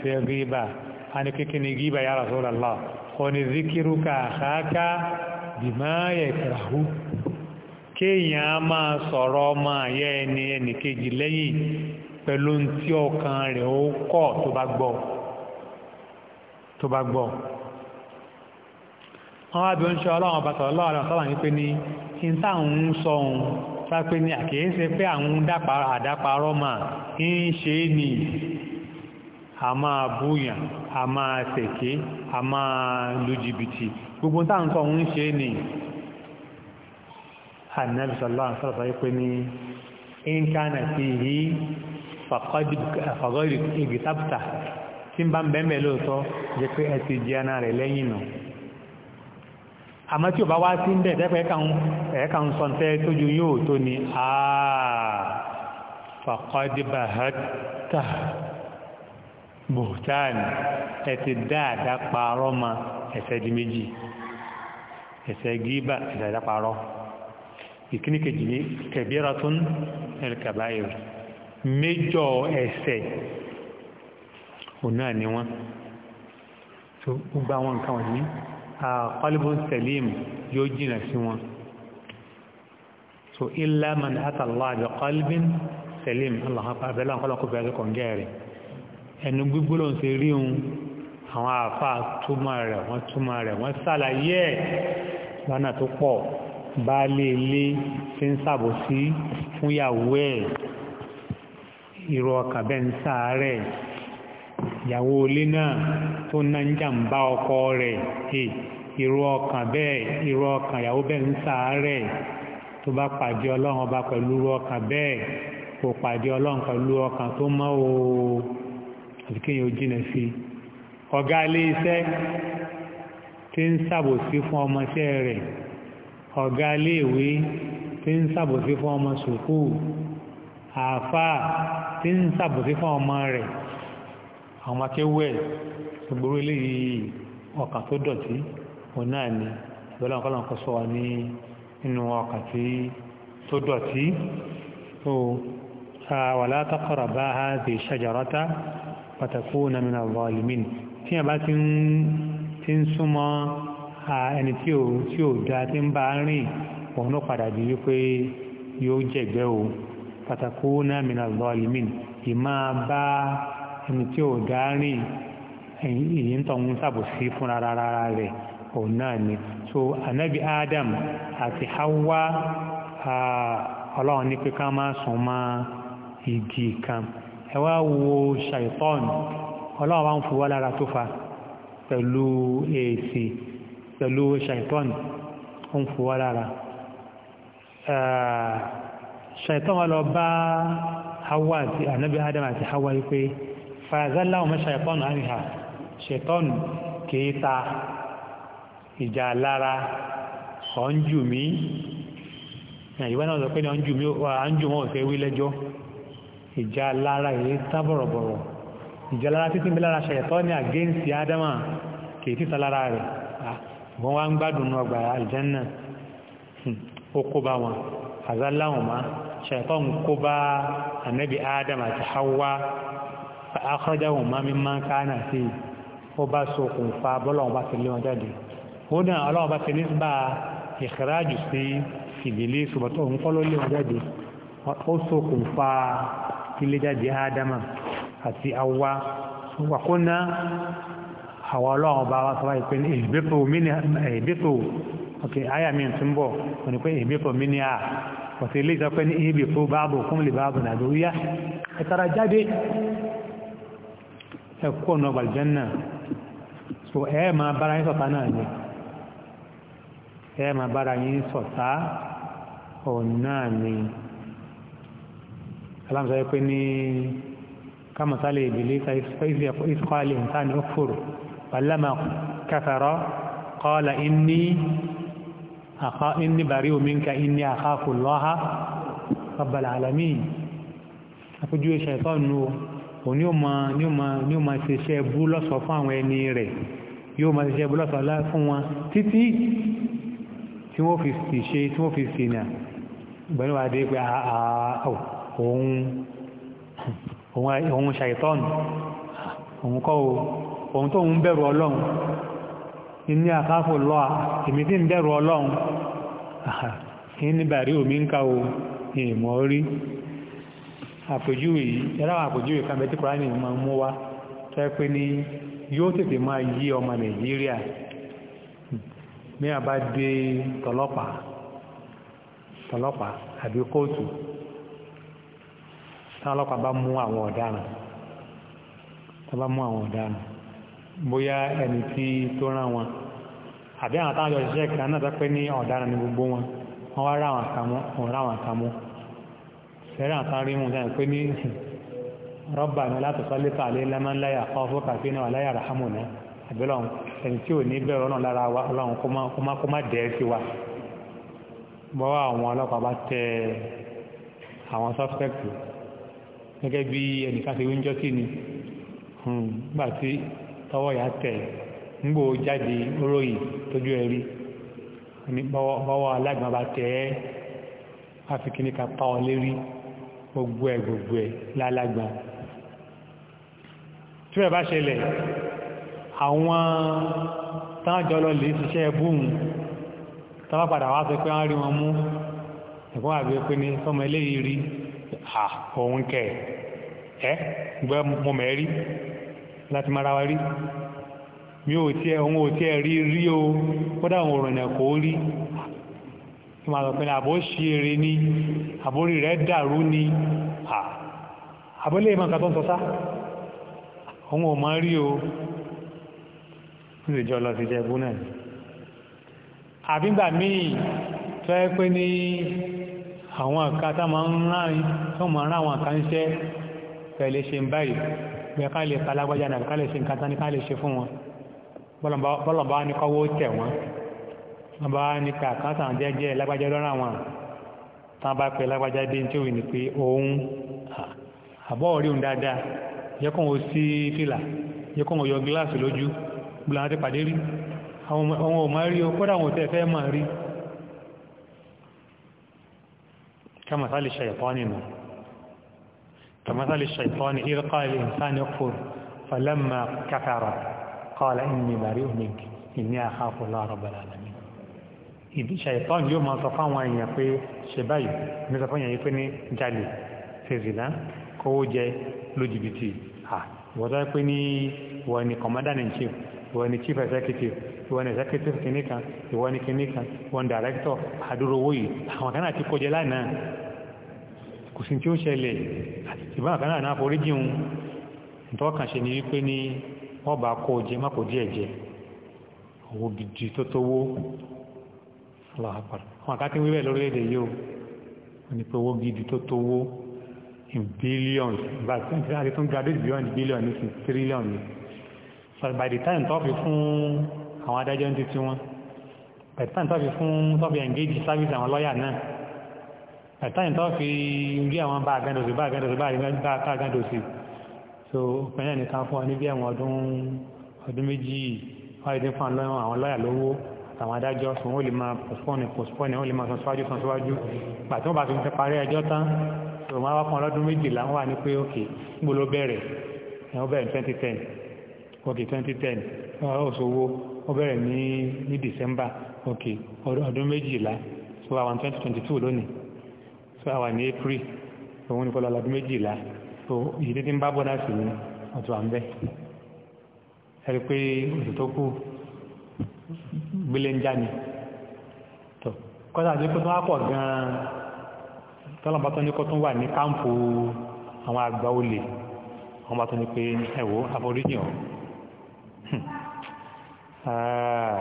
kéèyàn á máa sọ̀rọ̀ ọmọ àyẹ́ ẹni ẹnìkejì lẹ́yìn pẹ̀lú tí ọkàn rẹ̀ ó kọ̀ tó bá gbọ́ tó bá gbọ́ wọ́n wá bí ó ń ṣe ọlọ́run ọba sọ̀rọ̀ lọ́wọ́ àwọn sọ́là ní pé ní kí n táwọn ń sọ ohun sá pé ní àkíyèsí pé àwọn àdáparọ́ mà ń ṣe é ní a máa búyàn a máa tẹ̀ké a máa lu jìbìtì gbogbo táwọn sọ ohun ń ṣe é ní annabi sallallahu alaihi wasallam yìí pé ní inkana ti yí fàkọ́dì ìgbìtàbùtà tí ń bá ń bẹ́ẹ̀mẹ́ lóòótọ́ jẹ́ pé ẹ ti jẹ́ ara rẹ̀ lẹ́yìn nù àmọ́ tí ò bá wá sí ń bẹ̀ tẹ́pẹ́ ẹ̀ẹ́kà ń sọ tẹ́ ni àà fàkọ́dì bàhátà bùtán ẹ ti dáadáa parọ́ ma ẹ̀sẹ̀ di méjì ẹ̀sẹ̀ gíbà ẹ̀sẹ̀ dáadáa parọ́ ìkíní kejì ní kabiratun al-kabair méjọ ẹ̀ṣẹ̀ òun ni wọ́n tó gbogbo àwọn nǹkan wọ̀nyí qalbun salim yóò jìnà sí wọn so illa man ata Allah bi qalbin salim aláhàpá abẹ́lá nǹkan lọ́kọ́ bẹ̀rẹ̀ kọ̀ ń gẹ́rẹ̀ ẹnu gbígbóló ń ṣe rí àwọn àfáà túmọ̀ rẹ̀ wọ́n túmọ̀ rẹ̀ wọ́n sàlàyé lọ́nà tó pọ̀ baálé ilé tí ń ṣàbòsí fún ìyàwó ẹ̀ irú ọkà bẹ́ẹ̀ ń ṣàárẹ̀ ìyàwó ilé náà tó ná ń jàǹbá ọkọ rẹ̀ irú ọkà bẹ́ẹ̀ irú ọkà ìyàwó bẹ́ẹ̀ ń ṣàárẹ̀ tó bá pàdé ọlọ́run ọba pẹ̀lú irú ọkà bẹ́ẹ̀ kò pàdé ọlọ́run pẹ̀lú ọkà tó mọ́ o àti kéèyàn jìnà sí ọ̀gá ilé iṣẹ́ tí ń ṣàbòsí fún ọmọṣẹ́ rẹ̀ ọ̀gá iléèwé tí ń sàbòsí fún ọmọ sùkúù àáfàá tí ń sàbòsí fún ọmọ rẹ̀ àwọn akéwẹ̀ gbogbo eléyìí ọkàn tó dọ̀tí òun náà ni ìbẹ̀lẹ̀ ọ̀kọ́ lọ́nkọ́ sọ wà ní inú ọkàn tí tó dọ̀tí tó wala taqraba hadhihi shajarata fatakuna min adh-dhalimin tí a bá ti ń súnmọ́ ẹni tí o tí ò dá tí ń bá rìn òun náà padà di wípé yóò jẹ̀gbẹ́ o pàtàkó náà mìíràn zalimin ìmá bá ẹni tí ò dá rìn èyí ń tọ̀ ń sàbòsí fún rárá rẹ̀ òun náà ni so anabi adam àti hawa ọlọ́run ní pé ká má sùn mọ́ igi kan ẹ wá wo ṣàìtọ́n ọlọ́run wá ń fi wá lára tó fa pẹ̀lú èsì pẹ̀lú ṣàìtọ́n ó ń fòwá lára ṣàìtọ́n wọ́n lọ bá hawa àti ànábí adam àti hawa yí pé fàyàzálà ọmọ ṣàìtọ́n àríhà ṣàìtọ́n kìí ta ìjà lára ọ̀njù mí ìwọ́n náà sọ pé ọ̀njù wọn ò fẹ́ wí lẹ́jọ́ ìjà lára èyí tán ìjà lára títí mi lára ṣàìtọ́n àgẹ́ǹsì adama kìí títà lára rẹ̀ wọ́n wá ń gbádùn ní ọgbà àlìjẹ́nà hmm. ó kó bá wọn àzáláwọn ma ṣẹ̀kọ́ ń kó bá ànábì adam àti hawa akọ́jáwọn ma mímọ́ káánà sí ó bá ṣokùnfà bọ́lọ̀wọ́n bá ti lé wọn jáde ó dàn ọlọ́wọ́n bá ti ní bá ìkìrájù sí ìdílé ṣùgbọ́n òun kọ́ ló lé wọn jáde ó ṣokùnfà ilé jáde adam àti hawa wàkóná àwọn ọba bá wá sọ wáyé pé ìbípò ìbípò ok aya mi tún bọ̀ wọ́n ni pé ìbípò a ọ̀sẹ̀ ilé ìjọ pé ní ìbípò báàbò fún lè báàbò nàdó yá ẹ̀tara jáde ẹ̀kú ọ̀nà náà so bára yín sọ̀tá náà ni bára yín sọ̀tá ọ̀nà ni pé ní kámọ̀sálẹ̀ فلما كفر قال إني أخا إني بريء منك إني أخاف الله رب العالمين أفجو الشيطان نو òní ò máa ní ò máa ní ò máa ṣe iṣẹ́ bú lọ́sọ̀ fún àwọn ẹni rẹ̀ yóò máa ṣe iṣẹ́ bú lọ́sọ̀ fún wọn títí tí wọ́n fi sì ṣe tí wọ́n fi sì nà ìgbẹ̀lú wa dé pé òun òun ṣàìtọ́nù òun kọ́ o òun tó ń bẹ̀rù ọlọ́run inni àkáfò a, èmi tí ń bẹ̀rù ọlọ́run ní bàrí omi ń káwò ìmọ̀ orí àpèjúwe yìí ẹ̀ráwọ̀ kàmẹ́ tí kòránì ma mú wá tẹ́ pé ní yóò tètè máa yí ọmọ nàìjíríà ní àbá dé tọlọ́pàá àbí kóòtù bóyá ẹni tí tó rán wọn àbí àwọn táwọn ọ̀ṣẹ́ kan náà tọ́pẹ́ ní ọ̀daràn ní gbogbo wọn wọ́n wá ráwọn àkàmú òun ráwọn àkàmú sẹ́rẹ̀ àtàrí mú sáyẹn pé ní [LAUGHS] rọ́bà ní láti sọ létà lé lẹ́mọ́láyà ọ̀fọ́ kàfí náà láyà ràhámù náà àbílọ̀ ẹni tí ò ní bẹ̀rẹ̀ ọ̀nà lára wa ọlọ́run kó má tọwọ́ yà tẹ̀ ńgbò jáde oróyìn tójú ẹ̀rí bọ́wọ́ alágbà bá tẹ̀ ẹ́ áfikíníkà pa ọ lérí gbogbo ẹ̀ gbogbo ẹ̀ lálágbà tí rẹ̀ bá ṣẹlẹ̀ àwọn tájọ́ lọ lè ṣiṣẹ́ búùn tọ́wọ́ padà wá sọ pé wọ́n rí wọn mú ẹ̀kọ́ àgbẹ̀ pé ní sọmọ eléyìí rí à òun kẹ̀ ẹ́ gbẹ́ mọ́mẹ́rí láti mara wa rí mi ò tí ẹ òun ò tí ẹ rí rí o kódà òun òrùn ẹ̀ kò rí tí ma lọ́pẹ́ ní àbó ṣí eré ní àbórí rẹ̀ dàrú ní àbólé ìmọ̀ nǹkan tó ń sọsá òun ò mọ́ rí o ní ìjọ lọ sí jẹ́bú náà àbígbà míì tó ẹ pé ní àwọn àkátá máa ń rán àwọn àkánṣẹ́ pẹ̀lẹ́ ṣe ń báyìí pé ká lè falágbájá náà ká lè ṣe nǹkan tán ní ká lè ṣe fún wọn bọ́lọ̀bá ní kọ́wọ́ tẹ̀ wọ́n wọ́n bá ní ká káńtà jẹ́jẹ́ lágbájá lọ́rọ̀ àwọn tán bá pè lágbájá dé tí òun ni pé òun àbọ̀ orí òun dáadáa yẹ kó wọn sí fìlà yẹ kó yọ gíláàsì lójú gbọ́dọ̀ àti pàdé rí àwọn ò máa rí o kódà wọn ò fẹ́ máa rí ká màsálì ṣe nínú كمثال الشيطان إذ قال الإنسان يكفر فلما كفر قال إني بريء منك إني أخاف الله رب العالمين إذ الشيطان يوم أصفان وإن يقول شبايو نصفان يقول جالي سيزيلا كوجة لجبتي آه، وذا يقول وإن قمدان نشيف وإن تشيف أزاكتيف وإن أزاكتيف كنيكا وإن كنيكا وإن داركتور حدورو وي [LAUGHS] وكانا تكوجلانا kò sí tí ó ṣẹlẹ̀ ìbá àkànnà náà foríjì ń tọ́kàn ṣe ni wípé ní wọ́n bá kó jẹ má kò díẹ̀ jẹ owó gidi tó tówó aláàpàá àwọn àkákí wíwẹ̀ lórílẹ̀-èdè yóò wọ́n ni pé owó gidi tó tówó in billions by the time graduate beyond by the time tọ́fi fún àwọn adájọ́ ní títí wọn by the time tọ́fi fún tọ́fi engage service àwọn lọ́yà náà àtàyìn tó fi rí àwọn bá àgándòsí bá àgándòsí bá àgándòsí so pẹ̀lẹ́ nìkan fún ọ níbi ẹ̀wọ̀n ọdún ọdún méjì wáyé tí fún àwọn lọ́yà lówó àwọn adájọ́ sùn ó lè máa postpone postpone ó lè máa sọ síwájú sọ síwájú gbà tí wọ́n bá fi fẹ́ parí ẹjọ́ tán so wọ́n wá fún ọlọ́dún méjìlá wọ́n wà ní pé ok níbo ló bẹ̀rẹ̀ ẹ̀ ó bẹ̀rẹ̀ 2010 ok 2010 ọ̀ṣọ́wó ó bẹ̀rẹ̀ ní ní December ok ọdún méjìlá so àwọn 2022 lónìí so àwà ní april òun ní kọlọ ọlọ́dún méjìlá so ìdí tí ń bá bọ́dá sí ni wọ́n ti ń bẹ́ ẹ̀rí pé oṣù tó kù gbélé ń já ni tó kọ́sà àti pé tó wá pọ̀ gan-an tọ́lọ́mọ́ tó ní kó tún wà ní káàmpù àwọn àgbà olè wọ́n bá tún ní pé ẹ̀wọ́ àforíjì hàn [LAUGHS] ah,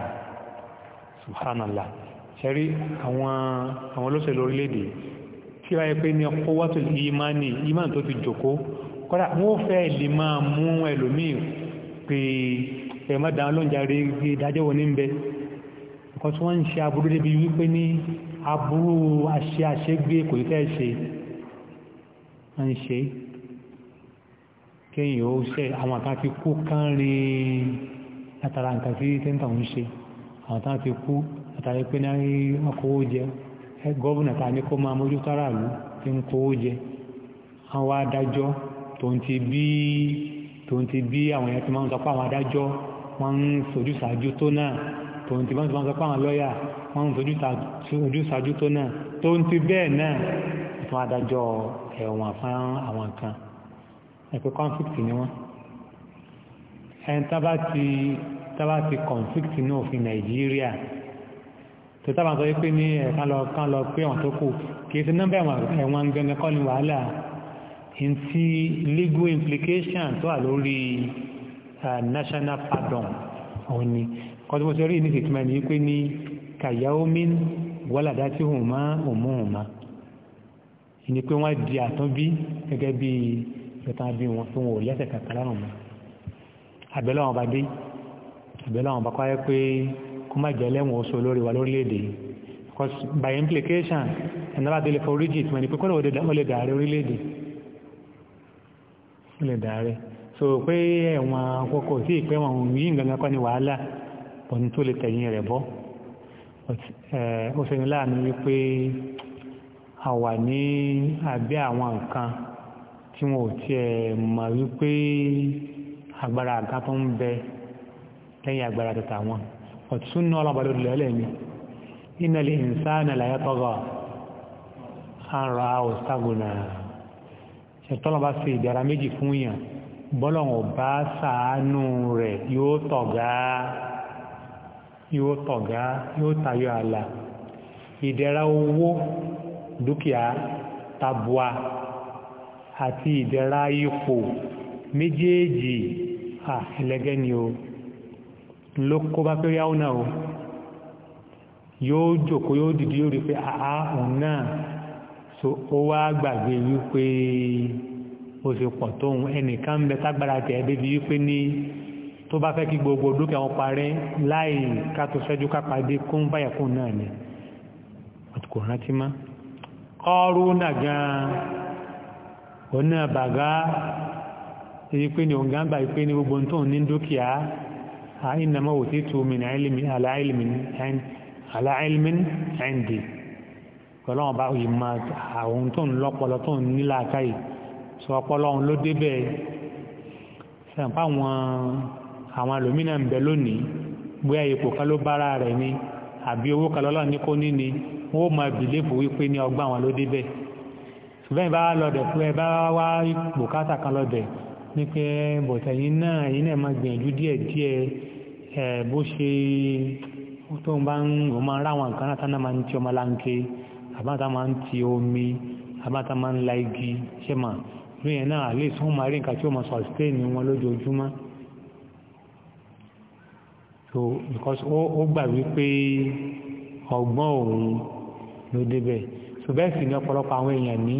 subhanallah ṣe rí àwọn olóṣèlú orílẹ̀-èdè tí wáyé pé ní ọkọ̀ wá tó ìmáni ìmáni tó ti jòkó kọ́dà wọ́n fẹ́ lè máa mú ẹlòmíì pé ẹ̀mọ́ dáa lóúnjẹ rí ìdájọ́ wọn ní bẹ ọkọ̀ tí wọ́n ń ṣe aburú débi wípé ní aburú àṣẹ àṣegbé kò ní fẹ́ ṣe wọ́n ń ṣe kéyìn ó ṣe àwọn kan ti kú kán rí látara nǹkan tí tẹ́ńtà ń ṣe àwọn kan ti kú látara pé ní ọkọ̀ ó jẹun ẹ gọ́vùnà ta ní kó máa mójú táràlú tí ń kó jẹ àwọn adájọ́ tó ń ti bí tó ń ti bí àwọn ẹ̀yà tí máa ń sọ pé àwọn adájọ́ wọ́n ń sojú ṣáájú tó náà tó ń ti bá ń sọ àwọn lọ́yà wọ́n ń sojú ṣáájú tó náà tó ń ti bẹ́ẹ̀ náà fún adájọ́ ẹ̀wọ̀n fún àwọn kan ẹ̀pẹ́ conflict ni wọ́n ẹni tábà ti conflict náà òfin Nàìjíríà tó tábà sọ wípé ní ẹ̀kan lọ kán lọ pé wọ́n tó kù kìí sí nọ́mbà ẹ̀wọ̀n gẹ́gẹ́ kọ́ ní wàhálà in ti legal implication tó wà lórí national pardon òun ni kọ́tí mo ṣe rí ní ìtìmọ̀ ní wípé ní kàyáómín wọ́làdá tí òun má òmú òun ni pé wọ́n di àtúnbí gẹ́gẹ́ bí ìtàn bí wọn tó wọn ò lẹ́sẹ̀ kankan lárùn mọ́ àbẹ́lẹ́ àwọn bá dé àbẹ́lẹ́ àwọn bá Kuma má jẹ́ lẹ́wọ̀n oṣù olórí wa lórílẹ̀-èdè by implication ẹ̀nàbà tó lè fọ orí jìtìmọ̀ ní pé kó lè lè dàárẹ̀ orílẹ̀-èdè lè dàárẹ̀ so pé ẹ̀wọ̀n àkókò sí ìpẹ́ wọn yìí nǹkan kan ní wàhálà òní tó lè tẹ̀yìn rẹ̀ bọ́ eh, ó ṣe ní láàánú wípé a wà ní abẹ́ àwọn nǹkan tí wọn ò agbára àga wọn ọ̀túnnú ọlọ́bà lórí lẹ́lẹ́mí iná lè ń sáànà láyé tọ́gọ̀ ara ọ̀ságunà ṣẹ̀tọ́lọ́bà sí ìdára méjì fún yàn bọ́lọ̀wọ̀ bá sàánú rẹ̀ yóò tọ̀gá yóò tọ̀gá yóò tayọ àlà ìdẹ̀ra owó dúkìá tabua àti ìdẹ̀ra ipò méjèèjì à ẹlẹ́gẹ́ ni o ló kó bá pé yáwó náà o yóò jòkó yóò dìdí yóò rí pé àá òun náà so ó wá gbàgbé wípé ó ṣe pọ̀ tóun ẹnìkan ń bẹ tágbára tẹ̀ débi wípé ní tó bá fẹ́ kí gbogbo dúkìá wọn parẹ́ láì kátó ṣẹ́jú kápadé kún báyà náà ni kò rántí má kọ́rú nàgán òun náà bàgá èyí pé ní gbogbo tó ní dúkìá إنما أوتيته من علم على علم عند على علم عندي kọlọ́wọ́n bá yìí máa àwọn tó ń lọ́pọlọ tó ń nílà káyì sọ ọpọlọ ọ̀hún ló débẹ̀ sẹ̀ǹpá àwọn àwọn ń bẹ lónìí bóyá ipò kan ló bára rẹ̀ ni àbí owó kan lọ́lọ́ ní kó níní wọ́n ó máa bìlífù wípé ní ọgbà àwọn ló débẹ̀ ṣùgbọ́n ìbá lọ́dẹ̀ fún ẹ bá wá bùkátà kan lọ́dẹ̀ ní pé bọ̀tẹ̀yìn náà yìí náà máa gbìyànjú díẹ̀ díẹ̀ bó ṣe tó ń bá ń wọ́n máa ráwọn nǹkan náà tánà máa ń ti ọmọ láńké àbáta máa ń ti omi àbáta máa ń la igi ṣe mà rí ẹ̀ náà àlè sún máa rí nǹkan tí ó máa sọ wọn lójoojúmọ́ so because ó gbà wípé ọgbọ́n òun ló débẹ̀ so bẹ́ẹ̀ sì ni ọ̀pọ̀lọpọ̀ àwọn èèyàn ní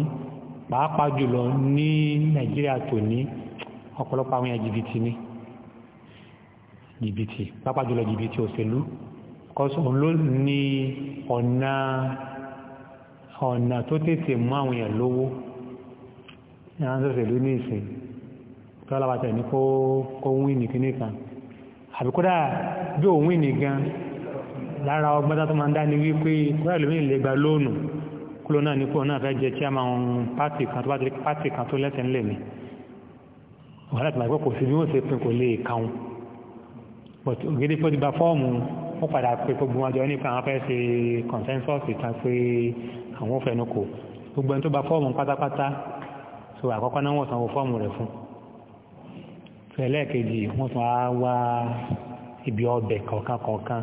pàápàá jùlọ ní nàìjíríà tòní ọ̀pọ̀lọpọ̀ àwọn èèyàn jìbìtì ni. So, jìbìtì pàápàá jùlọ jìbìtì òṣèlú kọ́sù òun ló ní ọ̀nà ọ̀nà tó tètè mú àwọn èèyàn lówó ní àwọn òṣèlú ní ìsìn tó lábàtẹ̀ ní kó wí ní kíní kan àbí kódà bí òun wí ní gan lára ọgbọ́n tó máa ń dá ní wípé kódà lómi lè gba lóònù kúlò náà ní kúrò náà fẹ́ jẹ chairman pátì kan tó bá ti pátì kan tó lẹ́sẹ̀ ńlẹ̀ mi wọ́n láti máa gbọ́ kò sí bí wọ́n ṣe pin kò lè kàún but ògidì pé ó ti gba fọ́ọ̀mù ó padà pé gbogbo wọn jọ nípa àwọn fẹ́ ṣe consensus ìtàn pé àwọn òfẹ́nu kò gbogbo ẹni tó gba fọ́ọ̀mù pátápátá so àkọ́kọ́ náà wọ́n sanwó fọ́ọ̀mù rẹ̀ fún ẹlẹ́ẹ̀kejì wọ́n tún á wá ibi ọbẹ̀ kọ̀ọ̀kan kọ̀ọ̀kan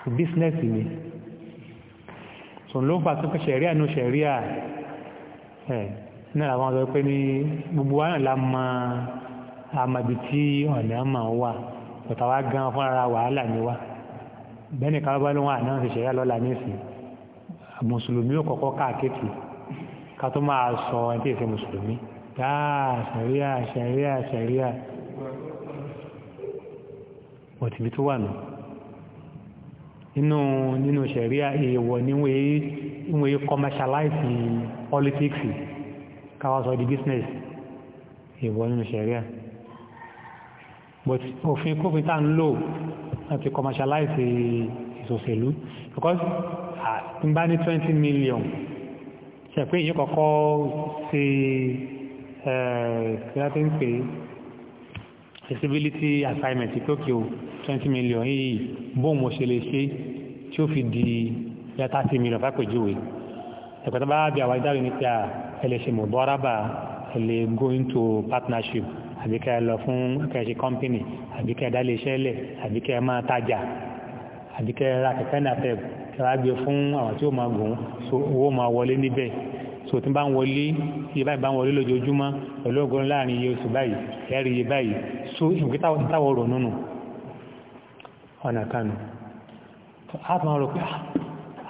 so business ni so ló ń fa tó pé ṣẹ̀ríà ní ṣẹ̀ríà ẹ̀ náà làwọn sọ pé ní gbogbo wa náà la máa àmàbí tí ọ̀nà ọ̀tà wa gan fún ara wàhálà ni wa bẹ́ẹ̀ni ká bá lóun àná ṣe ṣẹ̀yà lọ́la nísìn mùsùlùmí ò kọ́kọ́ káàkiri ká tó máa sọ ẹni tí èsè mùsùlùmí dáa ṣẹ̀ríà ṣẹ̀ríà ṣẹ̀ríà òtìbí tó wà nù nínú nínú ṣẹ̀ríà èèwọ̀ níwèé commercialize politics káwá sọ di business èèwọ̀ nínú ṣẹ̀ríà but òfin kófin tá ń lò láti commercialize ìsòsèlú because n bá ní 20 million ṣe pé èyí kọ̀kọ́ sí ẹ̀ẹ́dẹ́gbẹ́ ń pè accessibility assignment Tokyo 20 million yìí bóun mo ṣe lè ṣe tí ó fi di yàtá sí million fàpèjúwe ẹ̀pẹ̀tọ́ bá bí àwọn ìdáre ní pé ẹlẹ́ṣẹ̀ mọ̀ bọ́rábà ẹlẹ́ going to partnership àbí kẹ́ lọ fún kẹ́ṣe kọ́mpínì àbí kẹ́ dálé iṣẹ́ lẹ̀ àbí kẹ́ máa tajà àbí kẹ́ ra kẹ̀kẹ́ náà fẹ́ kẹ́ wá gbé fún àwọn tí ó máa gùn so owó máa wọlé níbẹ̀ so tí bá ń wọlé iye báyìí bá ń wọlé lójoojúmọ́ pẹ̀lú ọgọ́rùn láàrin iye oṣù báyìí ẹ̀rí iye báyìí so ìwé táwọ̀ rò nínú ọ̀nà kanu ah,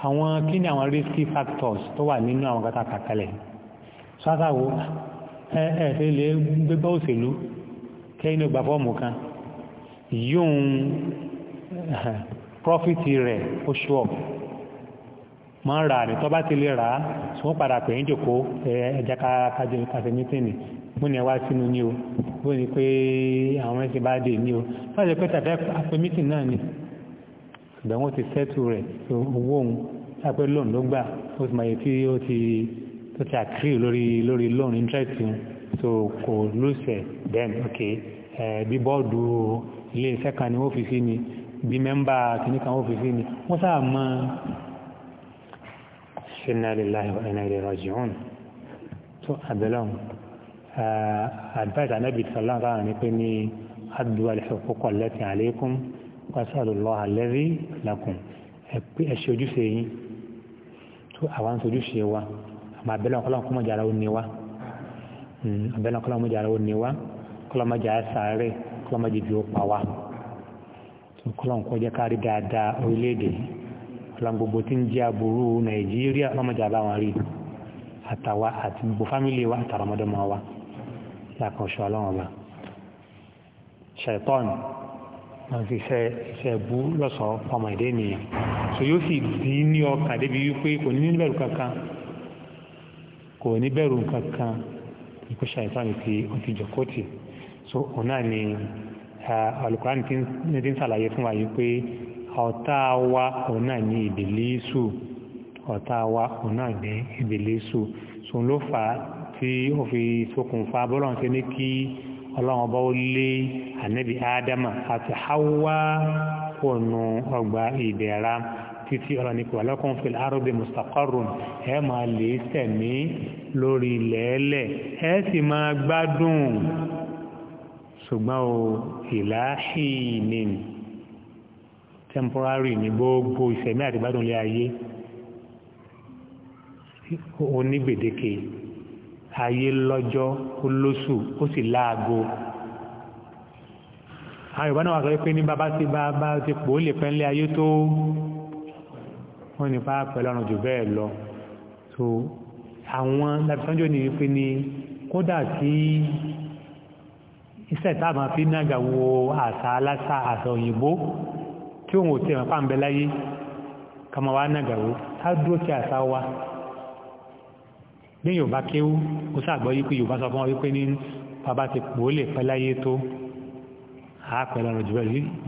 àwọn kí ni àwọn risky factors tó wà nínú àwọn kátàkàtàlẹ̀ so ẹ̀ẹ́fẹ́ lè gbégbá òṣèlú kẹ́yìn ló gba fọ́ọ̀mù kan yóò prọ́fìtì rẹ̀ ó ṣọ́ mọ́ rà ní tọ́ bá ti lè rà á tí wọ́n padà pè ń jòkó ẹ̀ẹ́dẹ́ kájọ kàfẹ́ mítìnì mú ni ẹ wá sínú ní o bó ni pé àwọn ẹ̀sìn bá dé ní o fọ́ọ̀dẹ̀ pé tàbí àpè mítìnì náà ni ṣùgbọ́n wọ́n ti sẹ́tù rẹ̀ owó òun lápẹ́ lóun ló gbà ó ti mọ̀ èyí tí ó ti tó ti àkírí lórí lórí loan interest yẹn so kò lóṣẹ̀ then ok bí bọ́ọ̀dù ilé iṣẹ́ kan ní ọ́fíìsì ni bí mẹ́mbà kìíní kan ọ́fíìsì ni wọ́n sáà mọ́ inna lillahi wa so abelong advice anabi sallallahu alaihi ni pé ní addu al-huquq allati alaykum wasallallahu alladhi lakum ẹ ṣe ojúṣe yín tó àwọn sojúṣe wa àmọ́ abẹ́lẹ́ ọ̀kọ́lọ́ kọ́ mọ̀jára ó ní wá hmm, abẹ́lẹ́ ọ̀kọ́lọ́ mọ̀jára ó ní wá kọ́lọ́ mọ̀jára sàárẹ̀ kọ́lọ́ mọ̀jẹ̀ bí ó pa wá kọ́lọ́ nǹkan jẹ́ kárí dáadáa orílẹ̀-èdè ọ̀là gbogbo tí ń jẹ́ aburú nàìjíríà lọ́mọjà bá wọn rí àtàwa àti gbogbo fámìlì wa àtàrọmọdọ́mọ wa lákọ̀ọ́ṣọ́ ọlọ́wọ́n ọba ṣẹ̀tọ́n wọ́n fi fẹ́ iṣẹ́ bú lọ́sọ̀ọ́ ọmọ ìdẹ́ ènìyàn so yóò sì dín ní ọkàn débi wípé kò ní níbẹ̀rù kankan kò ní bẹ̀rù nǹkan kan ikú ṣàìsàn ti so òun ni alukuran ní ti ń ṣàlàyé fún wa yìí pé ọ̀tá wa òun ni ọ̀tá wa so ló fà á tí ó fi ṣokùnfà bọ́lọ̀ ṣe ní kí ọlọ́run ọba ó lé ádámà àti háwá òun ọgbà ìdẹ̀ra. títí ọ̀rọ̀ ní kò lakum fil ardi mustaqarrun ẹ máa lè sẹ̀mí lórí ilẹ̀ẹ́lẹ̀ ẹ sì máa gbádùn ṣùgbọ́n o ìláhìíní temporary ní gbogbo ìsẹ̀mí àti gbádùn lé ayé onígbèdéke ayé lọ́jọ́ ó lóṣù ó sì láago àwọn ìbánáwà sọ pé ní bàbá sí bàbá ti pò ó lè pẹ́ ayé tó wọ́n ní pàápẹ́ lọ́rùn jù bẹ́ẹ̀ lọ so àwọn lábìsánjò ní wípé ní kódà tí iṣẹ́ táàmà fi nága wo àṣà aláṣà àṣà òyìnbó tí òun ò tí ẹ̀mọ̀ pàǹbẹ̀ láyé kama wa nága wo tá dúró sí àṣà wa ní Yorùbá kéwú ó sàgbọ́ yí pé Yorùbá sọ fún wa wípé ní bàbá ti pò ó lè pẹ́ láyé tó àápẹ́ lọ́rùn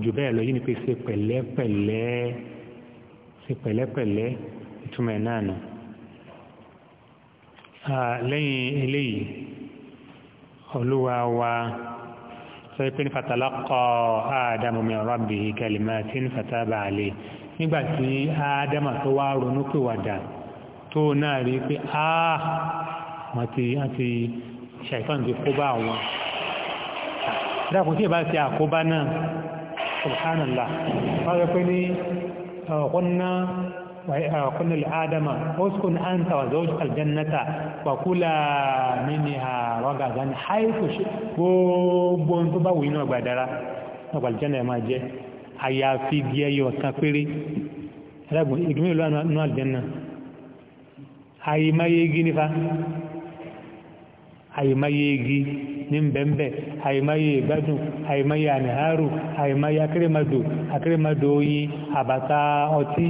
jù bẹ́ẹ̀ lọ yí ni pé ṣe pẹ̀lẹ́pẹ̀lẹ́ ṣe pẹ̀lẹ́pẹ̀lẹ́ ìtumọ̀ ẹ̀ náà nù lẹ́yìn eléyìí olúwa wa sọ pé ní fatalaqa ádámù min rabbihi kalimatin fataba alayhi nígbà tí ádámù tó wá ronú pìwàdà tó náà rí pé áá wọ́n àti ṣàìfọ́n قلنا قلنا لآدم اسكن أنت وزوجك الجنة وكلا منها رغدا حيث شئت gbogbo ohun tó bá wù inú ọgbà dára ọgbà àlùjánnà ẹ̀ máa jẹ́ àyàfi igi ẹyọ ọ̀kan péré ẹlẹ́gbọ̀n igi mélòó nínú àlùjánnà àyèmáyé igi nífa àyèmáyé igi ní bẹ́ẹ̀bẹ́ àìmáyé ìgbádùn àìmáyé àníhárù àìmáyé akérèmọdò akérèmọdò oyin àbàtà ọtí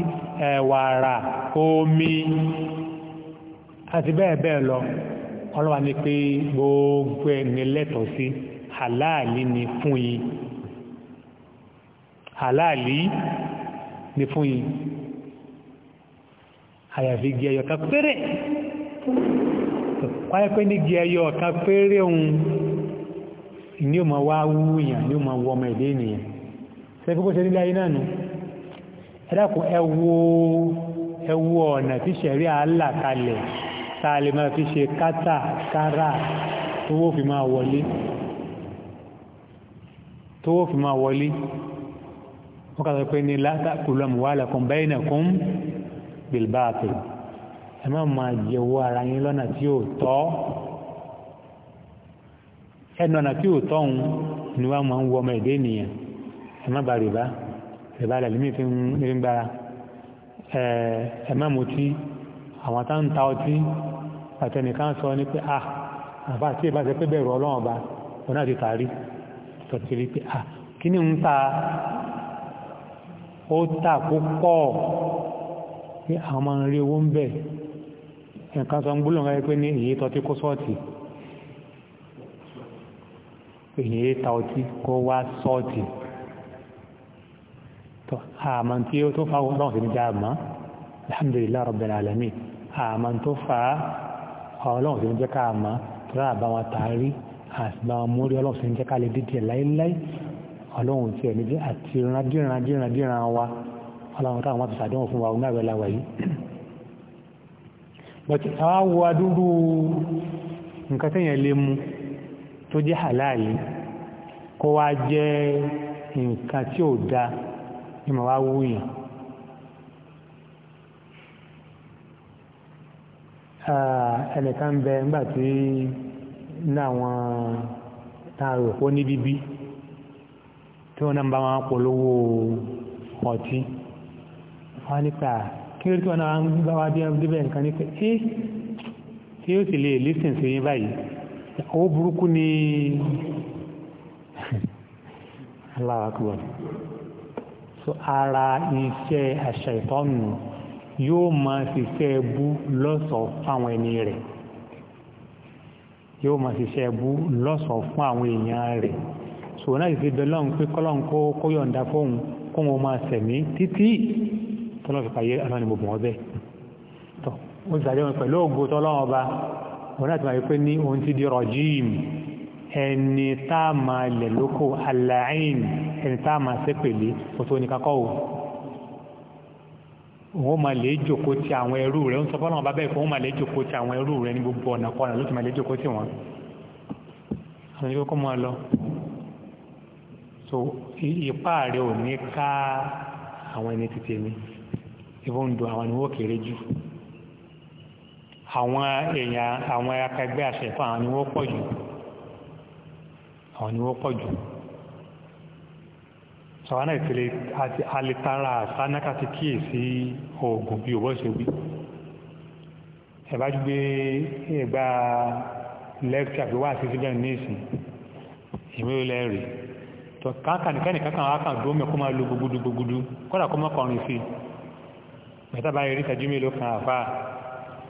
wàrà omi àti bẹ́ẹ̀ bẹ́ẹ̀ lọ ọlọ́wà ní pé gbogbo ẹni lẹ́tọ̀ọ́ sí àláàlì ni fún yín àláàlì ni fún yín àyàfi gí ẹyọ kan wáyé pé nígi ẹyọ ọ̀kan péré òun ni ó ma wá wúyàn ni ó ma wọ ọmọ èdè ènìyàn ṣe kí bó ṣe nílé ayé náà nù ẹ̀dàkùn ẹwọ ẹwọ ọ̀nà tí ṣẹ̀rí àálà kalẹ̀ tá máa fi ṣe kátà kárà tówó fi máa wọlé wọ́n kàtàkùn ní látàkùn lọ́mù wà lákùn bẹ́ẹ̀ ẹ má máa jẹ owó ara yín lọ́nà tí ò tọ́ ẹnu ọ̀nà tí ò tọ́hun ni wọ́n máa ń wọ ọmọ èdè ènìyàn ẹ má ba rìbá rìbá lẹ́lẹ́mí fi ń gbára ẹ má mutí àwọn tá ń ta ọtí àtẹnìkan sọ ní pé ah àbá tí ìbá ṣe pé bẹ̀rù ọlọ́run ọba òun náà ti tàrí tọ̀tí rí pé ah kí ni ń ta ó tà púpọ̀ pé àwọn máa ń rí owó ń bẹ̀ nǹkan sọ ń gbúlọ̀ rẹ̀ pé ní èyí tọ́tí kó sọ́ọ̀tì èyí ta ọtí kó wá sọ́ọ̀tì tó àmà tí ó tó fa ọlọ́run sí ní já àmà alhamdulillah rabbil alamin àmà tó fa ọlọ́run sí ní jẹ́ ká àmà tó rà bá wọn tààrí àti bá wọn mórí ọlọ́run sí ní jẹ́ ká lè dídì ẹ̀ láéláé but àwọn wo adúrú nǹkan tẹ́yàn lè mú tó jẹ́ halali kó wá jẹ́ nǹkan tí ò da ní ma wá wúyàn ẹnìkan bẹ nígbà tí ní àwọn ní bíbí tí wọ́n náà bá wọn polówó ọtí wọ́n nípa kí ó tí wọ́n náà ń bá wá débẹ̀ nǹkan ní pé ẹ́ tí ó sì lè listen sí yín báyìí ó burúkú ni [LAUGHS] aláwàkúwà so ara iṣẹ́ àṣà ìtọ́nù yóò máa ṣiṣẹ́ ẹbú lọ́sọ̀ọ́ fáwọn ẹni rẹ̀ yóò máa ṣiṣẹ́ ẹbú lọ́sọ̀ọ́ fún àwọn èèyàn rẹ̀ so náà ìṣẹ́bẹ̀ lọ́n pé kọ́lọ́n kó yọ̀ǹda fóun kó wọn máa sẹ̀mí títí tọ́lọ́ fi pàyẹ́ àná ni mo bùn ọbẹ̀ tọ́ ó ń sàdéhùn pẹ̀lú ògbó tọ́lọ́wọ́n ọba òun náà ti máa yẹ pé ní òun ti di rọ̀jìm ẹni tá a máa lẹ̀ lóko aláìn ẹni tá a máa sẹ́pẹ̀lẹ́ òtò ní kakọ́ o òun máa lè jòkó ti àwọn ẹrú rẹ̀ ń sọ fọ́lọ́wọ́n ọba bẹ́ẹ̀ fún lè jòkó ti àwọn ẹrú rẹ̀ ní gbogbo ọ̀nà ló ti máa lè jòkó ti wọn ìfowóndò àwọn ni wọ́n kéré jù àwọn èèyàn àwọn akẹgbẹ́ àṣẹfà àwọn ni wọ́n pọ̀ jù àwọn ni wọ́n pọ̀ jù sọ̀rọ̀ ìtìlẹ̀ àti alìtara àsánákà ti kíyè sí oògùn bí òwò ṣe wí ẹ̀bá gbé ẹgbà lẹ́kṣà bí wà sí síbẹ̀ níìsín ìwé lẹ́rìí tó káńkà nìkan nìkan kan wá máa lo gbogbo gbogbo kọ́dà kọ́ mọ́kànrin sí i gbàtà bá rí ìtàjú mélòó kan àfà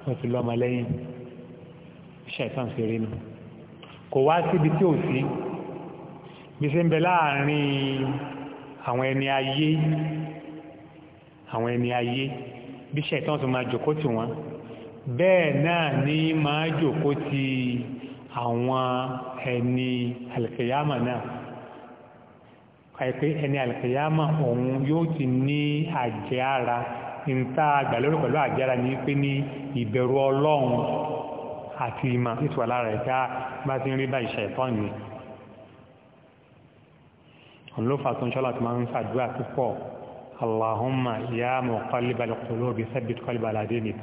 wọ́n ti lọ́mọ lẹ́yìn iṣẹ́ ìtàn sí rí nu kò wá síbi tí ò sí gbèsè ń bẹ láàrin àwọn ẹni ayé àwọn ẹni ayé bí iṣẹ́ ìtàn tó máa jòkó tì wọ́n bẹ́ẹ̀ náà ní máa jòkó ti àwọn ẹni alìkèyàmà náà àìpé ẹni alìkèyàmà òun yóò ti ní àjẹ́ ara ìta àgbàlérò pẹ̀lú àjára ní pé ní ìbẹ̀rù ọlọ́run àti ìmọ̀ ìtura lára ẹ̀ka bá ti ń rí bá ìṣẹ̀ ìtọ́ ni olófà tó ń ṣọ́lá tó máa ń fàdúrà púpọ̀ Allahumma ya muqallibal qulubi thabbit qalbi ala dinik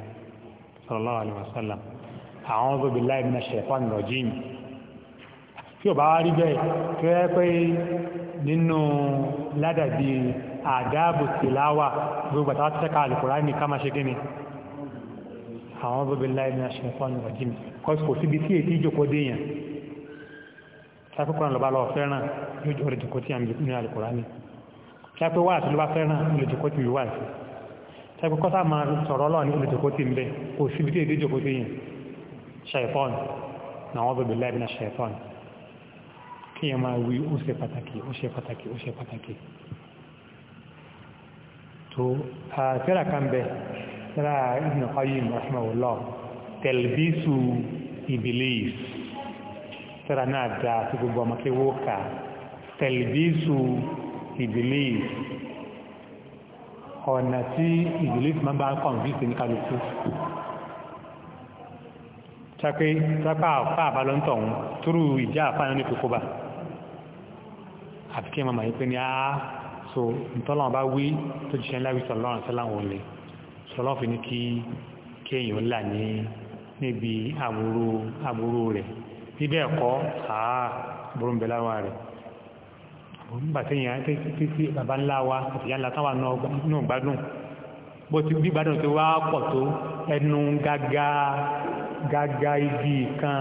sallallahu alaihi wasallam a'udhu billahi nínú ládàbí àdáàbò tìláwà gbogbo àtàwọn ti tẹ́ka Al-Kùránì ká máa ṣe gíní àwọn bóbi láì ní aṣe fún ọ̀nà jimmy kọ́sí kò síbi tí èyí jòkó déyàn sáfíkọ́nà lọ́ba lọ fẹ́ràn lójú ọ̀rẹ́ jòkó tí a mìí ní Al-Kùránì sáfí wà tí ló fẹ́ràn lè jòkó tí mi wà sí sáfí kọ́sá máa sọ̀rọ̀ lọ ní lè tí ń kò síbi tí èyí jòkó déyàn ṣàìfọ́n àwọn bóbi láì ní aṣe kíyàn máa wí ó ṣe pàtàkì ó ṣe pàtàkì ó ṣe pàtàkì tó tẹ́lá kan bẹ tẹ́lá Ibn Qayyim rahimahullah tẹ̀lbísù ìbìlìs tẹ́lá náà dá sí gbogbo ọmọkéwó ká tẹ̀lbísù ìbìlìs ọ̀nà tí ìbìlìs máa bá kọ̀ǹfíìsì ní kálukú tẹ́pẹ́ tẹ́pẹ́ àpá àbálọ́ntọ̀ ọ̀hún túrú ìjà àpá ní kókó bá àti kí mọ̀mọ̀ ìpé ní àá so ìtọ́lọ̀wọ̀n bá wí tó jíṣẹ́ ńlá wíṣọ lọ́rùn sẹ́láwọn olè sọlọ́fì ní kí kéèyàn là ní níbi àbúrú rẹ̀ bíbẹ̀ ẹ̀kọ́ àá burú ń bẹ lára rẹ̀ nígbà téèyàn títí bàbá ńlá wa àti yánlá táwa náà gbádùn bó ti bí gbádùn ti wá pọ̀ tó ẹnu gágá gágá ibi kan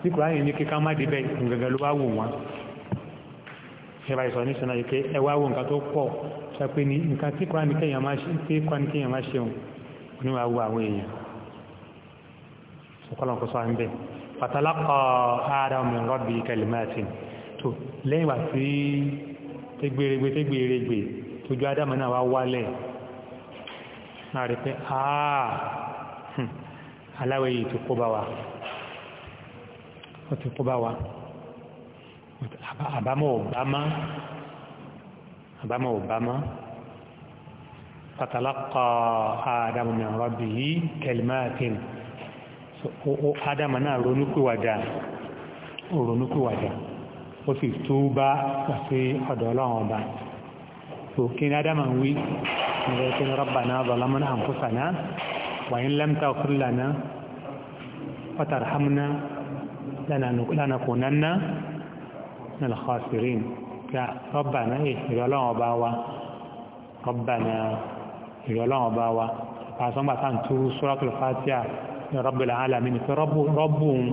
tí kò ráyìn ní kíkà má débẹ̀ ìgbẹ̀gbẹ̀ ló wá wò wọ́n ìṣẹ̀bà ìsọ̀ ní ṣẹ̀nà ìpé ẹwà wo nǹkan tó pọ̀ ṣàpé ní nǹkan tí kúránì kéèyàn máa ṣe tí kúránì kéèyàn máa ṣeun oníwà wo àwọn èèyàn ṣùkọ́lọ̀ kó sọ à ń bẹ̀ pàtàlákọ̀ adam min rabbi kalimatin tó lẹ́yìn wà sí tégbèrègbè tégbèrègbè tójú adam náà wá Ah, àbámọ̀ ọ̀bámá àbámọ̀ ọ̀bámá fatalaqa ádámù min rabbihi kalimatin ádámù náà ronúkúwàdà ronúkúwàdà ó sì túbá pàṣẹ ọ̀dọ̀ ọlọ́run ọba so kí ni ádámù ń wí nígbàtí rabbana zalamna anfusana wa in lam taghfir lana wa tarhamna من الخاسرين ربنا إيه إرولان وباوا ربنا إرولان وباوا فأسمع تنتو سورة الفاتحة رب العالمين فرب ربهم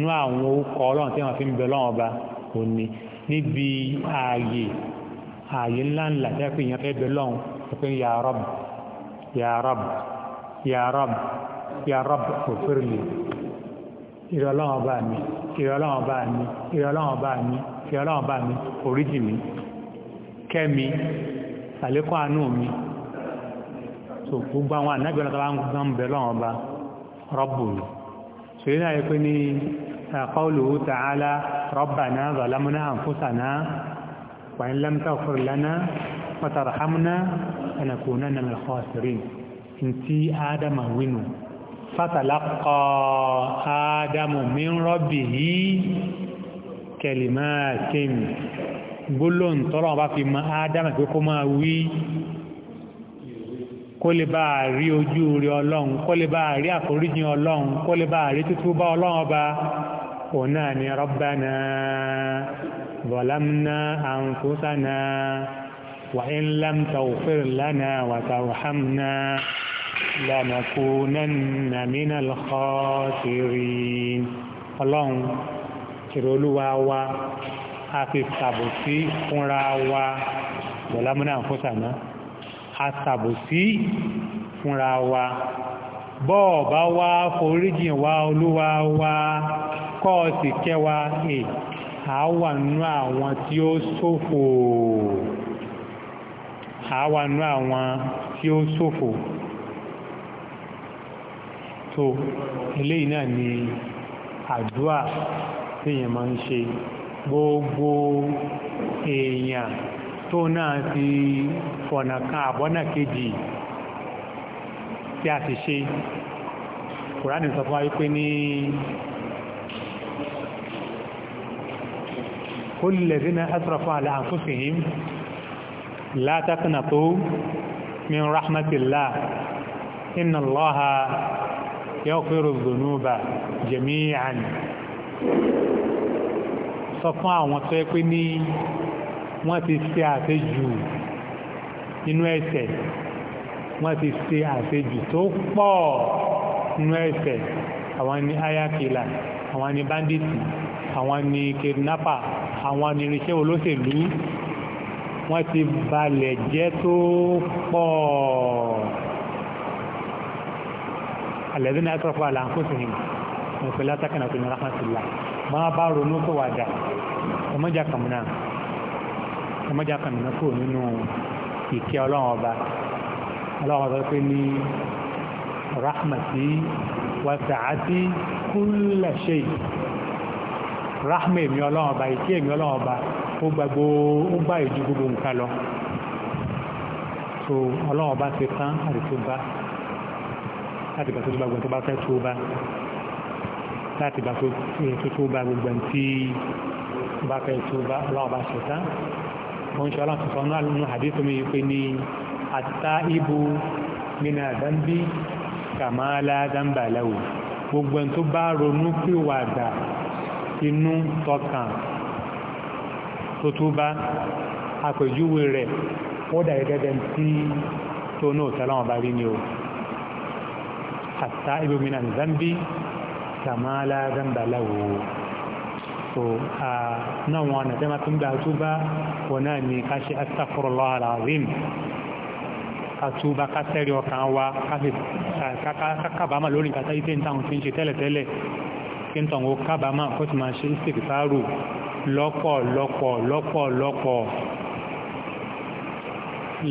nú àwọn orúkọ ọlọ́run tí wọ́n fi ń bẹ ọlọ́run ọba òní níbi ààyè ààyè ńláńlá tẹ́ pé èèyàn fẹ́ bẹ ọlọ́run pé ya Rabb ya Rabb ya Rabb ya Rabb òfurufú ìrọ̀lọ́run ọba mi ìrọ̀lọ́run ọba mi ìrọ̀lọ́run ọba mi kí ọlọ́run bá mi oríjì mi kẹ́mi sàlékún àánú mi so gbogbo àwọn ànábì ọlọ́ta bá ń gbọ́n bẹ lọ́wọ́ ọba rọ́bù mi so yìí náà yẹ pé ní qawluhu ta'ala rabbana zalamna anfusana wa in lam taghfir lana wa tarhamna lanakunanna minal khasirin ntí ádámà wínú fatalaqa ádámù min rabbihi kẹlìmáàtín gbólóhùn tọ́lọ́ bá fi ma ádámà pé kó máa wí kó lè bá rí ojú rí ọlọ́run kó lè bá rí àforíjìn ọlọ́run kó lè bá rí tútú bá ọlọ́run ọba òun náà ni rọ́bánà bọ̀lámná àǹfúsánà وإن لم تغفر لنا وترحمنا لنكونن من الخاسرين اللهم ìrò olúwa wa a fi sàbòsí fúnra wa bọ̀lámúnà fúnṣàná a sàbòsí fúnra wa bọ́ọ̀bá wá foríjìn wá olúwa wa kọ́ọ̀sì kẹwa è eh, àwà nú àwọn tí ó ṣòfò àwà nú àwọn tí ó ṣòfò tó eléyìí náà ni àdúà téèyàn máa ń ṣe gbogbo èèyàn tó náà ti fọ̀nà kan àbọ́nà kejì tí a ti ṣe kùránì sọ fún wa wípé ní kullu lazina asrafu ala anfusihim la taqnatu min rahmatillah inna allaha yaghfiru dhunuba jami'an sọ fún àwọn tó yẹ pé ní wọ́n ti ṣe àṣejù nínú ẹ̀ṣẹ̀ wọ́n ti ṣe àṣejù tó pọ̀ nínú ẹ̀ṣẹ̀ àwọn ni ayakila àwọn ni banditi àwọn ni kidnapper àwọn ni irinṣẹ́ olóṣèlú wọ́n ti balẹ̀ jẹ́ tó pọ̀ alẹ́dínlẹ́tọ́fà làǹkóṣìhìn ọ̀pẹ̀lẹ́tàkìnà tó ní rahmatullah máa bá ronú tó wàdà ọmọjà kàmúnà ọmọjà kàmúnà kúrò nínú ìkẹ́ ọlọ́run ọba ọlọ́run ọba pé ní rahmati wasaati kulla shay rahma èmi ọlọ́run ọba ìkẹ́ èmi ọlọ́run ọba ó gba gbogbo ó gba ìju gbogbo nǹkan lọ so ọlọ́run ọba ti tán àti tó bá láti gbà bá gbọ́n tó bá fẹ́ tó bá láti gbà tó tó bá gbogbo ẹni tí bá fẹ́ tó bá ọlọ́wọ́ bá ṣe tán wọ́n ṣe ọlọ́run tuntun náà nínú àdéhùn mi pé ní ata ibu nínú àdámbí kàmáàlá dámbà lẹ́wò gbogbo ẹni tó bá ronú pìwàdà inú tọkàn tó tó bá àpèjúwe rẹ̀ ó dà gẹ́gẹ́ tí tó náà tẹ́lọ́wọ́n bá rí ni o ata ibu nínú àdámbí kama la dhanba lahu so náà wọn ọ̀nà tẹ́ máa fi ń gba àtúbá wọn náà ni ká ṣe astaghfirullah alazim àtúbá ká sẹ́rí ọkàn wa ka lórí nǹkan tẹ́ ìtàn tí ń ṣe tẹ́lẹ̀tẹ́lẹ̀ kí n tàn ó kábàámà kó ti máa ṣe istighfaru lọ́pọ̀ lọ́pọ̀ lọ́pọ̀ lọ́pọ̀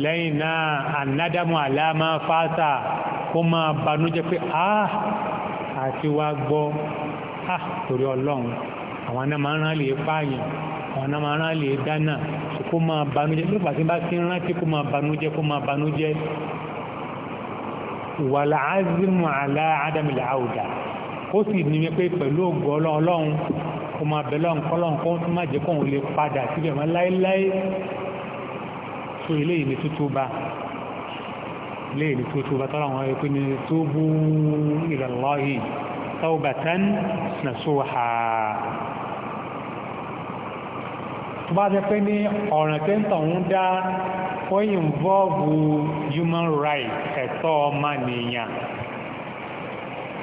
lẹ́yìn náà anádámù aláàmà fásà kó máa banújẹ́ pé ah àti wá gbọ́ à torí ọlọ́run àwọn náà máa ń rán lè pààyàn àwọn náà máa ń rán lè dáná kó máa banújẹ́ ló fà bá ti ń rántí kó máa banújẹ́ kó máa banújẹ́ wàlá azimu àlá ádámìlà àwùdá ó sì ní wípé pẹ̀lú ògbọ́ ọlọ́run kó máa bẹ̀ lọ́n kọ́lọ́n kó tún máa jẹ́ kóun lè padà síbẹ̀ mọ́ láéláé tó eléyìí ní tútú bá léèlì tó tó bá tọ́ra wọn ẹkùn ni tubu ila Allahi tawbatan nasuha tó bá jẹ́ pé ní ọ̀ràn tẹ́ntọ̀ ń dá ó involve human rights ẹ̀tọ́ ọmọnìyàn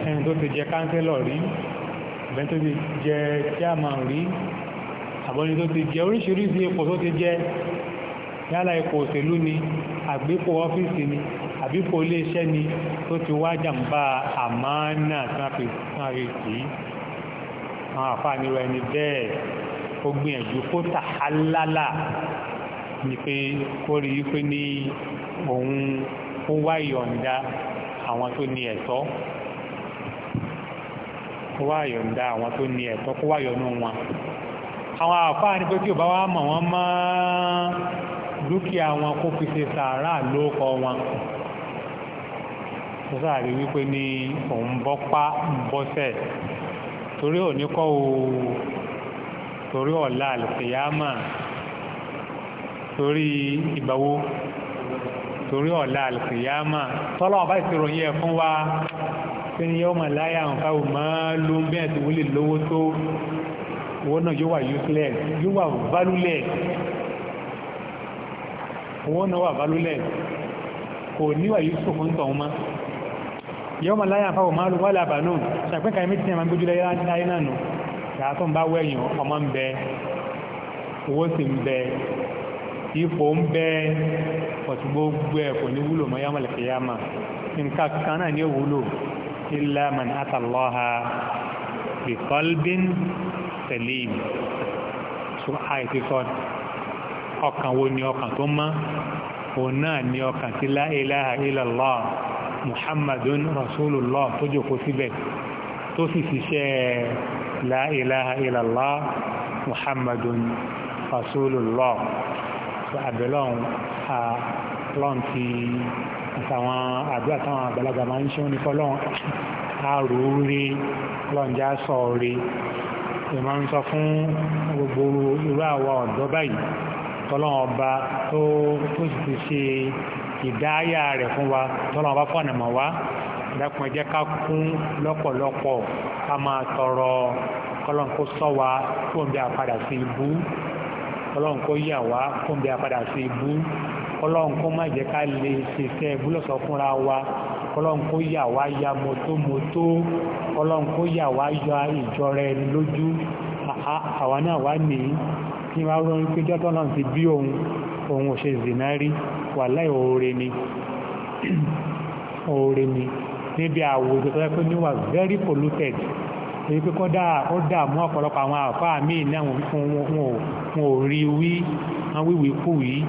ẹni tó ti jẹ káńsẹ́lọ̀ rí ẹni tó ti jẹ chairman rí àbọ̀ni tó ti jẹ oríṣiríṣi ipò tó ti jẹ yálà ipò òṣèlú ni àgbépò ọ́fíìsì ni àbí kò lè ṣẹ́ ni tó ti wá jàǹbá àmánà tí wọ́n fi tán rí kì í àwọn àfáàní rẹ̀ ni bẹ́ẹ̀ ó gbìyànjú kó tà hálálà ni pé kó rí wípé ní òun ó wá ìyọ̀ǹda àwọn tó ní ẹ̀tọ́ kó wá yọ̀ǹda àwọn tó ní ẹ̀tọ́ kó wá yọ̀nú wọn àwọn àfáà pé tí ò bá wá mọ̀ wọ́n mọ́ dúkìá wọn kó fi ṣe sàárà lóókọ wọn àṣẹṣà rí wípé ní òun bọ́pá ń bọ́sẹ̀ torí òní kọ́ o torí ọ̀la àlùkìyámà torí ìgbàwó torí ọ̀la àlùkìyámà tọ́lọ́wọ́ bá ti ròyìn ẹ̀ fún wa pé ní yọ́mọ̀ láyà nǹkan ò máa ló ń bẹ́ẹ̀ tí wọ́n lè lówó tó owó náà yóò wà useless yóò wà valueless owó náà wà valueless kò níwà yusuf ń tọ̀ wọn yọ́mọ̀ láyà fáwọ̀ máa lù wọ́lá bà náà ṣàpínkà ẹ̀mí tí a máa gbójúlẹ̀ láyé náà nù ṣàtọ́ bá wẹ̀yìn ọmọ ń bẹ owó sì ń bẹ ipò ń bẹ ọ̀tún gbogbo ẹ̀ kò ní wúlò mọ́ yọ́mọ̀ lẹ́kẹ̀yàmà nǹkan kan náà ní ó wúlò illa man atallaha bi qalbin salim so àìsí sọ ọkàn wo ni ọkàn tó mọ́ òun náà ni ọkàn tí la ilaha illallah muhammadun rasulullah tó jòkó síbẹ̀ tó sì ṣiṣẹ́ la ilaha illallah muhammadun rasulullah àbẹ̀lọ́n àlọ́n ti àtàwọn àdúrà táwọn àgbàlagbà máa ń ṣe ní fọ́lọ́n àrò rí lọ́njà sọ rí ìmọ̀ ń sọ fún gbogbo irú àwọn ọ̀dọ́ báyìí tọ́lọ́wọ́n ọba tó sì ti ṣe ìdáyà rẹ̀ fún wa tọ́lọ́ wọn bá fọ̀nà mọ̀ wá dákun ẹ̀jẹ̀ ká kún lọ́pọ̀lọpọ̀ ká máa tọrọ kọ́lọ́n kó sọ wa kó ń bí apadà sí ibú kọ́lọ́n kó yà wá kó ń bí apadà sí ibú kọ́lọ́n kó má jẹ́ ká lè ṣiṣẹ́ ìbúlọ̀sọ fúnra wa kọ́lọ́n kó yà wá ya mọ́tò mọ́tò kọ́lọ́n kó yà wá ya ìjọ rẹ̀ lójú àwa náà wá nìyí kí n wá rọrùn pé jọ́tọ̀ náà ti bí òun òun ò ṣe zìnà rí wà láì oore ni oore ni níbi àwùjọ tó yẹ pé ní wà very polluted èyí pé kọ́ dáa ó dààmú ọ̀pọ̀lọpọ̀ àwọn àfáà míì náà wọn ò rí wí wọn wíwí kú yìí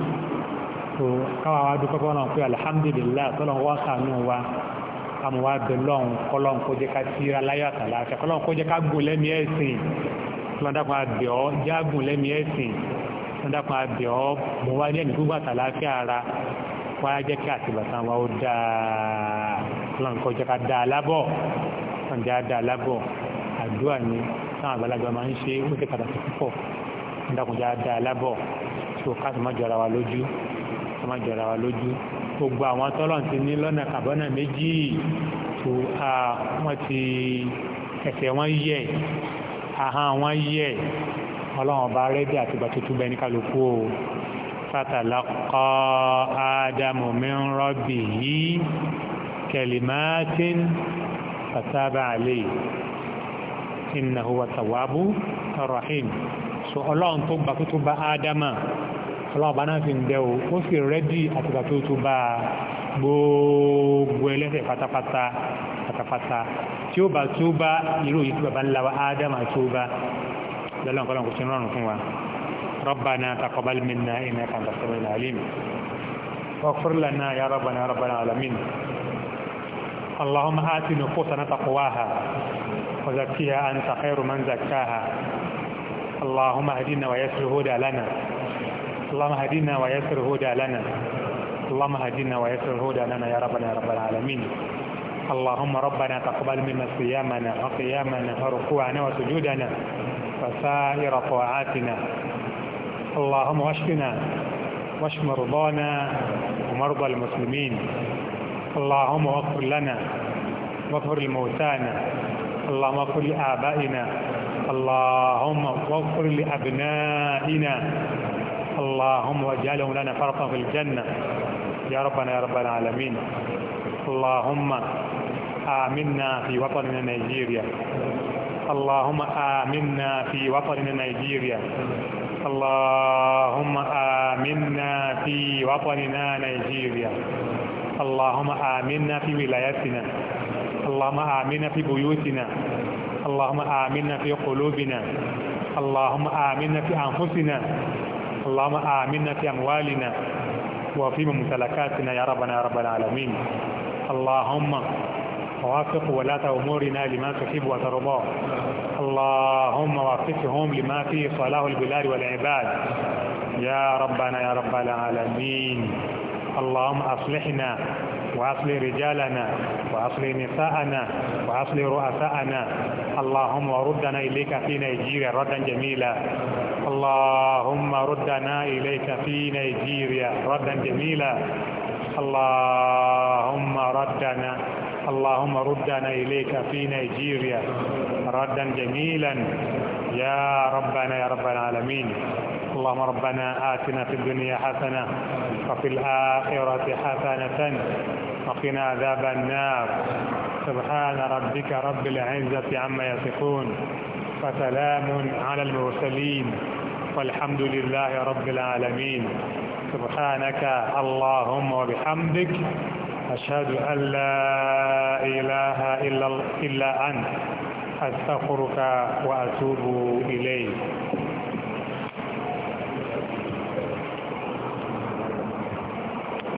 tó káwa wá dúpẹ́ pé wọn náà pé alihamudulilayi tọ́lọ́ wọn sànú wa àmọ́ wa bẹ lọ́hùn kọ́lọ́hùn kó jẹ́ ká ti aláyọ̀ àtàlà àti kọ́lọ́hùn kó jẹ́ ká gùn lẹ́mìí ẹ̀sìn lọ́dàpọ̀ àgbẹ̀ ọ́ jágùn lẹ́mìí ẹ̀sìn dákun dákun abẹ́ ọ́ mo wá ní ẹ̀mí gbogbo àtàláfíà ara wá jẹ́ kí àtìbàtàn wa ó dáa lọ́nkọ́ jẹ́ ká dáa lábọ̀ ọ̀njẹ́ á dáa lábọ̀ àdúrà ni táwọn àgbàlagbà máa ń ṣe ó ṣe pàtàkì púpọ̀ dákun jẹ́ á dáa lábọ̀ tó ká sì má jọra wa lójú ká má jọra wa lójú gbogbo àwọn tọ́lọ̀ ti ní lọ́nà kàbọ́nà méjì tó wọ́n ti ẹsẹ̀ wọn yẹ̀ ahọ́n wọn yẹ̀ ọlọ́run ọba rẹ́dí àti ìgbà tuntun bẹ́ẹ̀ ní kálukú o fatalaqa ádámù min rabbihi kalimatin fataba alayhi innahu huwa tawwabu rahim so ọlọ́run tó gbà tó tó bá ádámà ọlọ́run ọba náà fi ń bẹ́ o ó sì rẹ́dí àti ìgbà tó tó bá gbogbo ẹlẹ́ṣẹ̀ pátápátá pátápátá tí ó bá tó bá irú yìí tó bàbá ńlá wa ádámà tó bá lọ́lọ́n قلنا kò ṣe rọrùn ربنا تقبل منا إنك أنت السميع العليم واغفر لنا يا ربنا يا رب العالمين اللهم آت نفوسنا تقواها وزكيها أنت خير من زكاها اللهم اهدنا ويسر هدى لنا اللهم اهدنا ويسر هدى لنا اللهم اهدنا ويسر هدى لنا يا ربنا يا رب العالمين اللهم ربنا تقبل منا صيامنا وقيامنا وركوعنا وسجودنا وسائر طاعاتنا اللهم اشفنا واشف مرضانا ومرضى المسلمين اللهم اغفر لنا واغفر لموتانا اللهم اغفر لآبائنا اللهم اغفر لأبنائنا اللهم واجعلهم لنا فرقا في الجنة يا ربنا يا رب العالمين اللهم آمنا في وطننا نيجيريا اللهم آمنا في وطننا نيجيريا اللهم آمنا في وطننا نيجيريا اللهم آمنا في ولايتنا اللهم آمنا في بيوتنا اللهم آمنا في قلوبنا اللهم آمنا في أنفسنا اللهم آمنا في أموالنا وفي ممتلكاتنا يا ربنا يا رب العالمين اللهم ووافق ولاة أمورنا لما تحب وترضاه اللهم وفقهم لما فيه صلاح البلاد والعباد يا ربنا يا رب العالمين اللهم أصلحنا وأصلح رجالنا وأصلح نساءنا وأصلح رؤساءنا اللهم ردنا إليك في نيجيريا ردا جميلا اللهم ردنا إليك في نيجيريا ردا جميلا اللهم ردنا اللهم ردنا إليك في نيجيريا ردا جميلا يا ربنا يا رب العالمين اللهم ربنا آتنا في الدنيا حسنة وفي الآخرة حسنة وقنا عذاب النار سبحان ربك رب العزة عما يصفون وسلام على المرسلين والحمد لله رب العالمين سبحانك اللهم وبحمدك أشهد أن لا إله إلا, إلا أنت أستغفرك وأتوب إليك